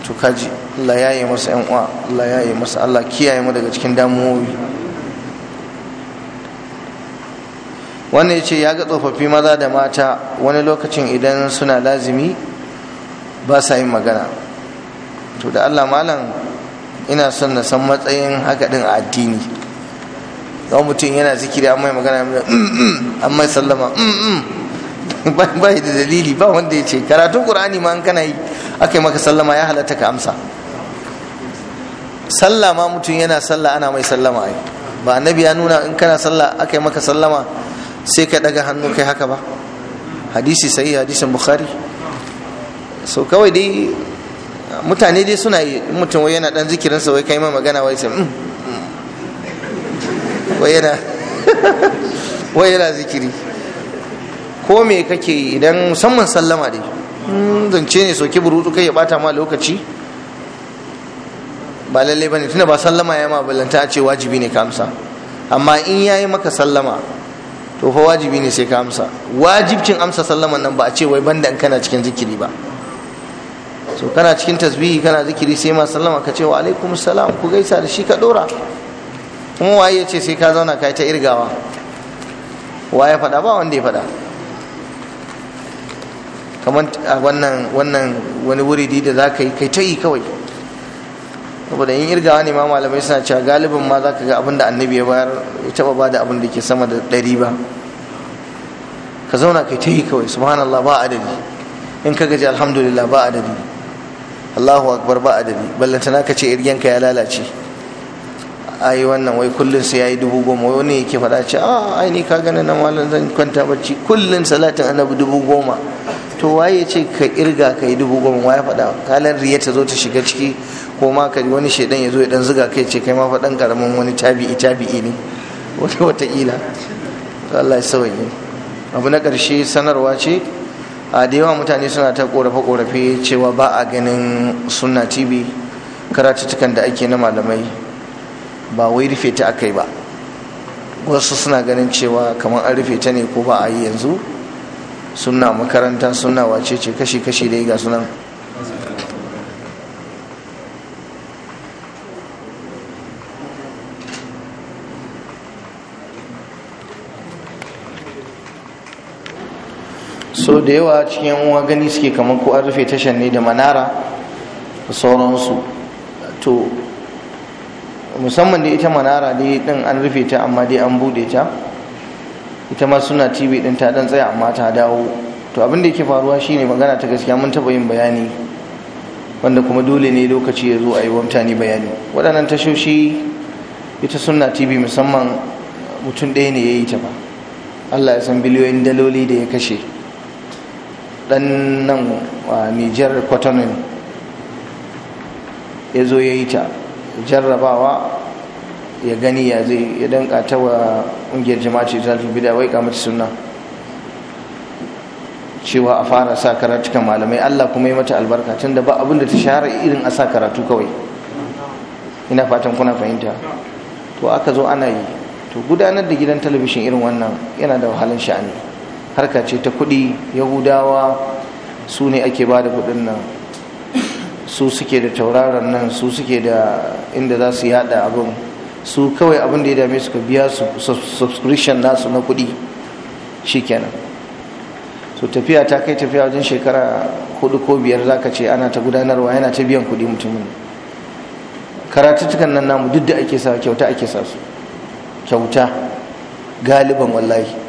to kaji allah yaye masa yan uwa allah yaye masa allah kiyaye mu daga cikin damuwoyi wannan ya ce ya ga tsofaffi maza da mata wani lokacin idan suna lazimi ba sa yin magana to da allah malam ina son na san matsayin haka din a addini don mutum yana zikiri an mai magana an mai mm, mm, sallama mm, ba da dalili ba wanda ya ce karatun qur'ani ma an kana yi aka yi maka sallama ya halatta ka amsa sallah ma mutum yana sallah ana mai sallama ai ba annabi ya nuna in kana sallah aka yi maka sallama sai ka daga hannu kai haka ba hadisi sai hadisin bukhari so kawai dai mutane dai suna yi mutum wai yana dan zikirin sa wai kai ma magana wai sai mm, mm. wai yana [laughs] wai yana zikiri ko me kake yi idan musamman sallama dai zance ne soki burutu kai ya bata ma lokaci ba lalle bane tunda ba sallama ya ma balanta a ce wajibi ne ka amsa amma in yayi maka sallama to fa wajibi ne sai ka amsa wajibcin amsa sallaman nan ba a ce wai banda in kana cikin zikiri ba so kana cikin tasbihi kana zikiri sai ma sallama ka ce wa alaikum salam ku gaisa da shi ka dora kuma waye ya ce sai ka zauna ka ta irgawa waye faɗa ba wanda ya faɗa kamar a wannan wannan wani wuridi da za ka yi kai ta yi kawai saboda yin irgawa ne ma malamai suna cewa galibin ma za ka ga abin da annabi ya bayar ya taɓa ba da abin da ke sama da ɗari ba ka zauna kai ta yi kawai subhanallah ba adadi in ka gaji alhamdulillah ba adadi Allahu akbar ba adabi ballantana ka ce ka ya lalace ai wannan wai kullun sai yayi dubu goma wani yake faɗa ce a ah, ai ni ka gani nan malam zan kwanta bacci kullun salatin annabi dubu goma to waye ce ka irga ka yi dubu goma waye faɗa kalan riya ta zo ta shiga ciki ko ma ka wani shaidan ya zo ya dan zuga kai ce kai ma faɗan karamin wani tabi'i tabi'i ne wata wataƙila Allah ya sauye abu na karshe sanarwa ce a da yawa mutane suna ta korafe korafe cewa ba a ganin sunna tv karatuttukan da ake na malamai ba wai rufe ta aka yi ba wasu suna ganin cewa kamar an rufe ta ne ko ba a yi yanzu sunna makaranta sunna wace ce kashi kashi da ga sunan so da yawa cikin uwa gani suke kamar ko an rufe tashar ne da manara da sauransu to musamman da ita manara dai din an rufe ta amma dai an bude ta ita ma suna tv din ta dan tsaya amma ta dawo to abin da yake faruwa shine magana ta gaskiya mun taba yin bayani wanda kuma dole ne lokaci ya zo a yi wa mutane bayani waɗannan tashoshi ita suna tv musamman mutum ɗaya ne ya yi ta ba allah ya san biliyoyin daloli da ya kashe dan nan nijar kwatanin ya zo ya yi ta jarrabawa ya gani ya zai ya danka ta wa ƙungiyar jama'a ce ta bida wai kamata suna cewa a fara sa karatu karatukan malamai allah kuma yi mata albarka tun da ba abin da ta shahara irin a sa karatu kawai ina fatan kuna fahimta to aka zo ana yi to gudanar da gidan talabishin irin wannan yana da wahalar sha'ani harka ce ta kuɗi yahudawa su ne ake ba da kuɗin nan su suke da tauraron nan su suke da inda za su yada abin su kawai abin da ya dame su ka biya su subscription nasu na kuɗi shikenan so tafiya ta kai tafiya wajen shekara hudu ko biyar zaka ce ana ta gudanarwa yana ta biyan kuɗi mutumin karatuttukan nan namu duk da ake sa kyauta ake sa su kyauta galiban wallahi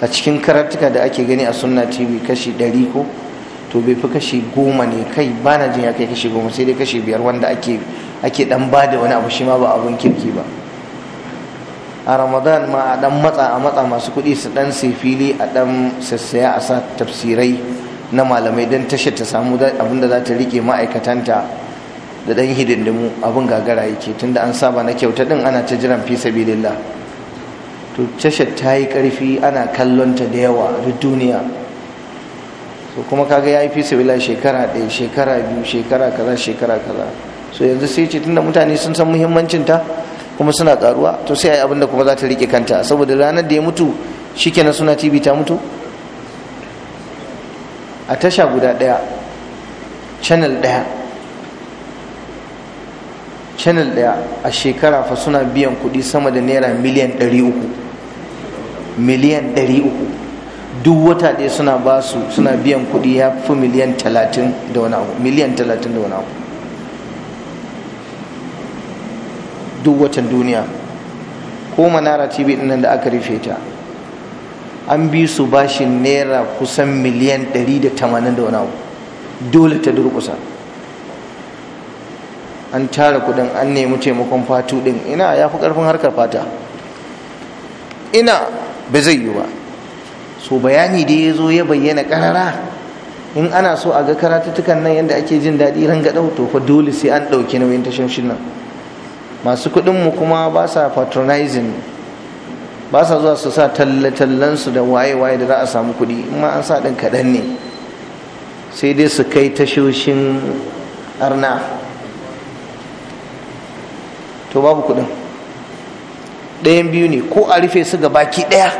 a cikin karatuka da ake gani a sunna tv kashi ɗari ko to bai fi kashi goma ne kai ba na jin ya kai kashi goma sai dai kashi biyar wanda ake ake dan ba da wani abu shi ma ba abun kirki ba a ramadan ma a dan matsa a matsa masu kuɗi su dan sai fili a dan sassaya a sa tafsirai na malamai don tashar ta samu abin da za ta rike ma'aikatanta da dan hidindimu abin gagara yake tunda an saba na kyauta din ana ta jiran fi sabilillah to tashar ta yi ƙarfi ana kallonta da yawa duk duniya so kuma kaga ya yi fi sabila shekara ɗaya shekara biyu shekara kaza shekara kaza so yanzu sai ce tunda mutane sun san muhimmancin kuma suna karuwa to sai a yi abinda kuma za ta rike kanta saboda ranar da ya mutu shikenan suna tv ta mutu a tasha guda ɗaya channel ɗaya channel ɗaya a shekara fa suna biyan kuɗi sama da naira miliyan ɗari uku miliyan 300 duk wata ɗaya suna ba su suna biyan kuɗi ya fi miliyan 30 da wani abu miliyan duk watan duniya ko manara tv ɗin da aka rufe ta an bi su bashin naira kusan miliyan 180 da wani abu dole ta durkusa an tara kudin an nemi taimakon fatu din ina ya fi karfin harkar fata ina ba zai yi ba so bayani da ya zo ya bayyana karara in ana so a ga karatuttukan nan yadda ake jin daɗi ranga ɗau to fa dole sai an ɗauki nauyin tashoshin nan masu kuɗinmu kuma ba sa patronizing ba sa zuwa su sa tallatallansu da waye-waye da za a samu kuɗi in ma an sa ɗin kaɗan ne sai dai su kai tashoshin arna to babu kuɗin ɗayan biyu ne ko a rufe su ga baki ɗaya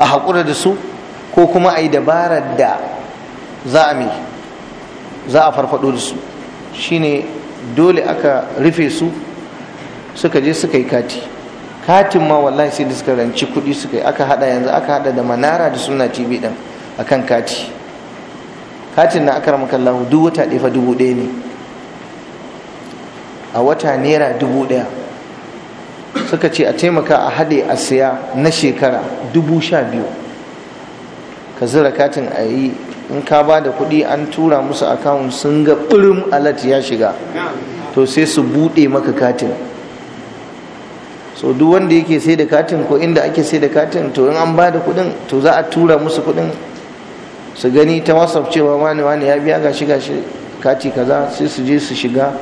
a haƙura da su ko kuma a yi dabarar da za a mai za a farfaɗo da su shine dole aka rufe su suka je suka yi kati katin ma wallahi sai da suka ranci kuɗi suka yi aka haɗa yanzu aka haɗa da manara da suna tv ɗin a kan kati katin na aka ramakan duk wata ɗaya dubu ɗaya ne a wata naira dubu ɗaya suka ce a taimaka a haɗe a siya na shekara dubu sha biyu ka zira katin a yi in ka ba da kuɗi an tura musu akawun sun ga ɓirin alat ya shiga to sai su buɗe maka katin so duk wanda yake sai da katin ko inda ake sai da katin to in an ba da kuɗin to za a tura musu kuɗin su gani ta whatsapp cewa wani wani ya biya gashi gashi kati kaza sai su je su shiga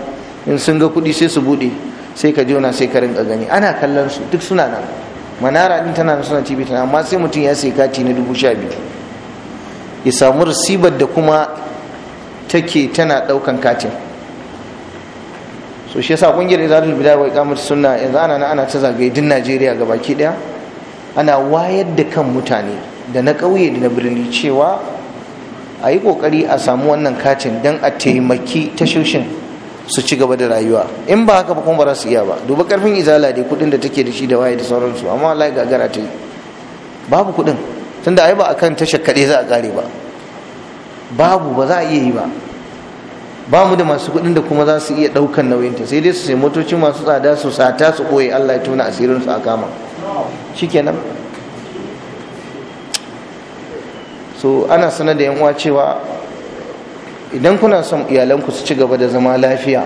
in sun ga kuɗi sai su buɗe sai ka jona sai ka rinka gani ana kallon su duk suna nan manara din tana suna tv tana amma sai mutum ya sai kati na dubu sha biyu ya samu rasibar da kuma take tana daukan katin so shi yasa kungiyar izalul bidaya wa iqamat sunna yanzu ana ana ta zagaye din Najeriya baki daya ana wayar da kan mutane da na kauye da na birni cewa a yi ƙoƙari a samu wannan katin don a taimaki tashoshin su ci gaba da rayuwa in ba haka ba kuma ba su iya ba duba karfin izala dai kudin da take da shi da waye da sauransu amma wallahi gagara ta yi babu kudin tunda ai ba akan tashar kaɗai za a kare ba babu ba za a iya yi ba ba mu da masu kudin da kuma za su iya daukan ta, sai dai su sai motoci masu tsada su sata su koye Allah ya tona asirin su a kama shikenan so ana sanar da yan uwa cewa idan kuna son iyalanku su ci gaba da zama lafiya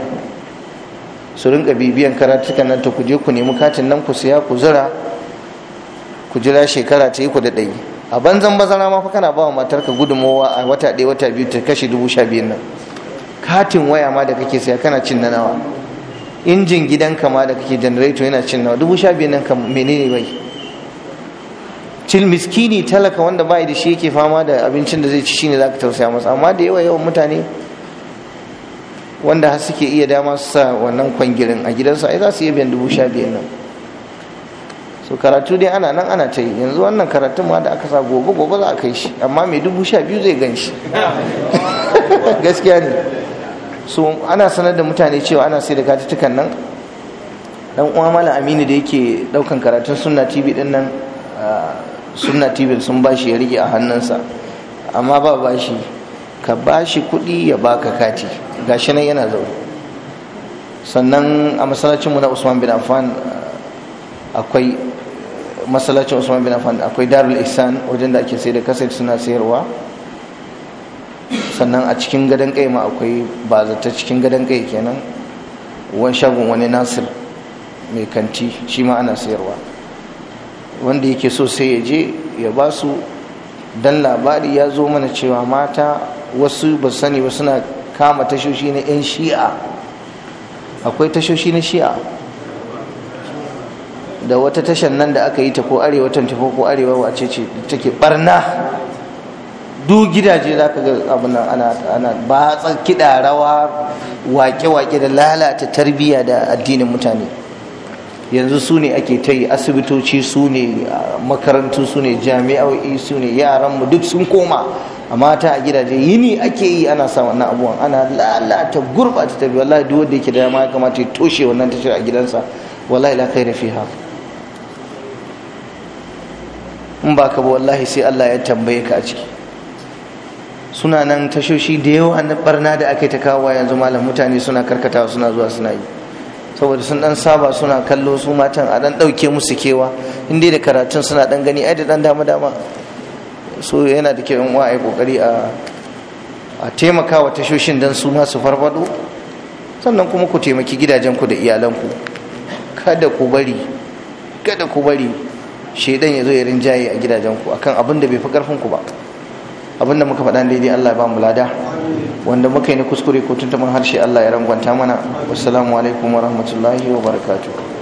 su rinka bibiyan karatukan nan ta kuje ku nemi katin nan ku siya ku zura ku jira shekara ta yi ku da ɗai a banzan bazara ma fa kana bawa matarka gudunmowa a wata ɗaya wata biyu ta kashe dubu sha biyar nan katin waya ma da kake siya kana cin nanawa. injin gidanka ma da kake janareto yana cin nawa dubu sha biyar nan menene bai cin miskini talaka wanda bai da shi yake fama da abincin da zai ci shine zaka tausaya masa amma da yawa yawan mutane wanda har suke iya dama su sa wannan kwangirin a gidansu ai za su iya biyan dubu sha biyar nan so karatu dai ana nan ana ta yi yanzu wannan karatun ma da aka sa gobe gobe za a kai shi amma mai dubu sha biyu zai gan shi [laughs] gaskiya ne so ana sanar da mutane cewa ana sai da katutukan nan dan uwa malam aminu da yake daukan karatun sunna tv din nan ah, sunna tv sun bashi ya rike a hannunsa amma ba bashi ka bashi kuɗi ya baka kati ga shi nan yana zaune sannan a masallacinmu na usman bin affan akwai masallacin usman bin affan akwai darul ihsan wajen da ake sai da kaset suna sayarwa sannan a cikin gadon kai ma akwai ba zata cikin gadon kai kenan wani shagon wani nasir mai kanti shi ma ana sayarwa wanda yake so sai ya je ya ba su dan labari ya zo mana cewa mata wasu ba sani ba suna kama tashoshi na 'yan shi'a akwai tashoshi na shi'a da wata tashan nan da aka yi ta ko arewa tafi ko arewa da ce ke barna duk gidaje za ka ga abin ana ba tsakida rawa wake-wake da lalata tarbiyya da addinin mutane yanzu su ne ake ta yi asibitoci su ne makarantu su ne jami'o'i su ne yaranmu duk sun koma a mata a gidaje yini ake yi ana sa wannan abubuwan ana lalata gurɓata tafi wallahi duk wanda yake da dama ya kamata ya toshe wannan tashar a gidansa wallahi la kai ha. in ba ka ba wallahi sai Allah ya tambaye ka a ciki suna nan tashoshi da yawa na barna da ake ta kawo yanzu malam mutane suna karkatawa suna zuwa suna yi saboda sun dan saba suna kallo su matan a dan dauke musu kewa in da karatun suna dan gani ai da dan dama dama so yana da kyau in wa ai kokari a a taimaka wa tashoshin dan su ma su farfado sannan kuma ku taimaki gidajen ku da iyalanku kada ku bari kada ku bari shedan ya zo ya rinjaye a gidajen ku akan abin da bai fi karfin ku ba abinda muka faɗa daidai Allah ya ba mu lada wanda muka yi na kuskure ko tuntumar harshe Allah ya rangwanta mana wassalamu alaikum wa rahmatullahi wa barakatuh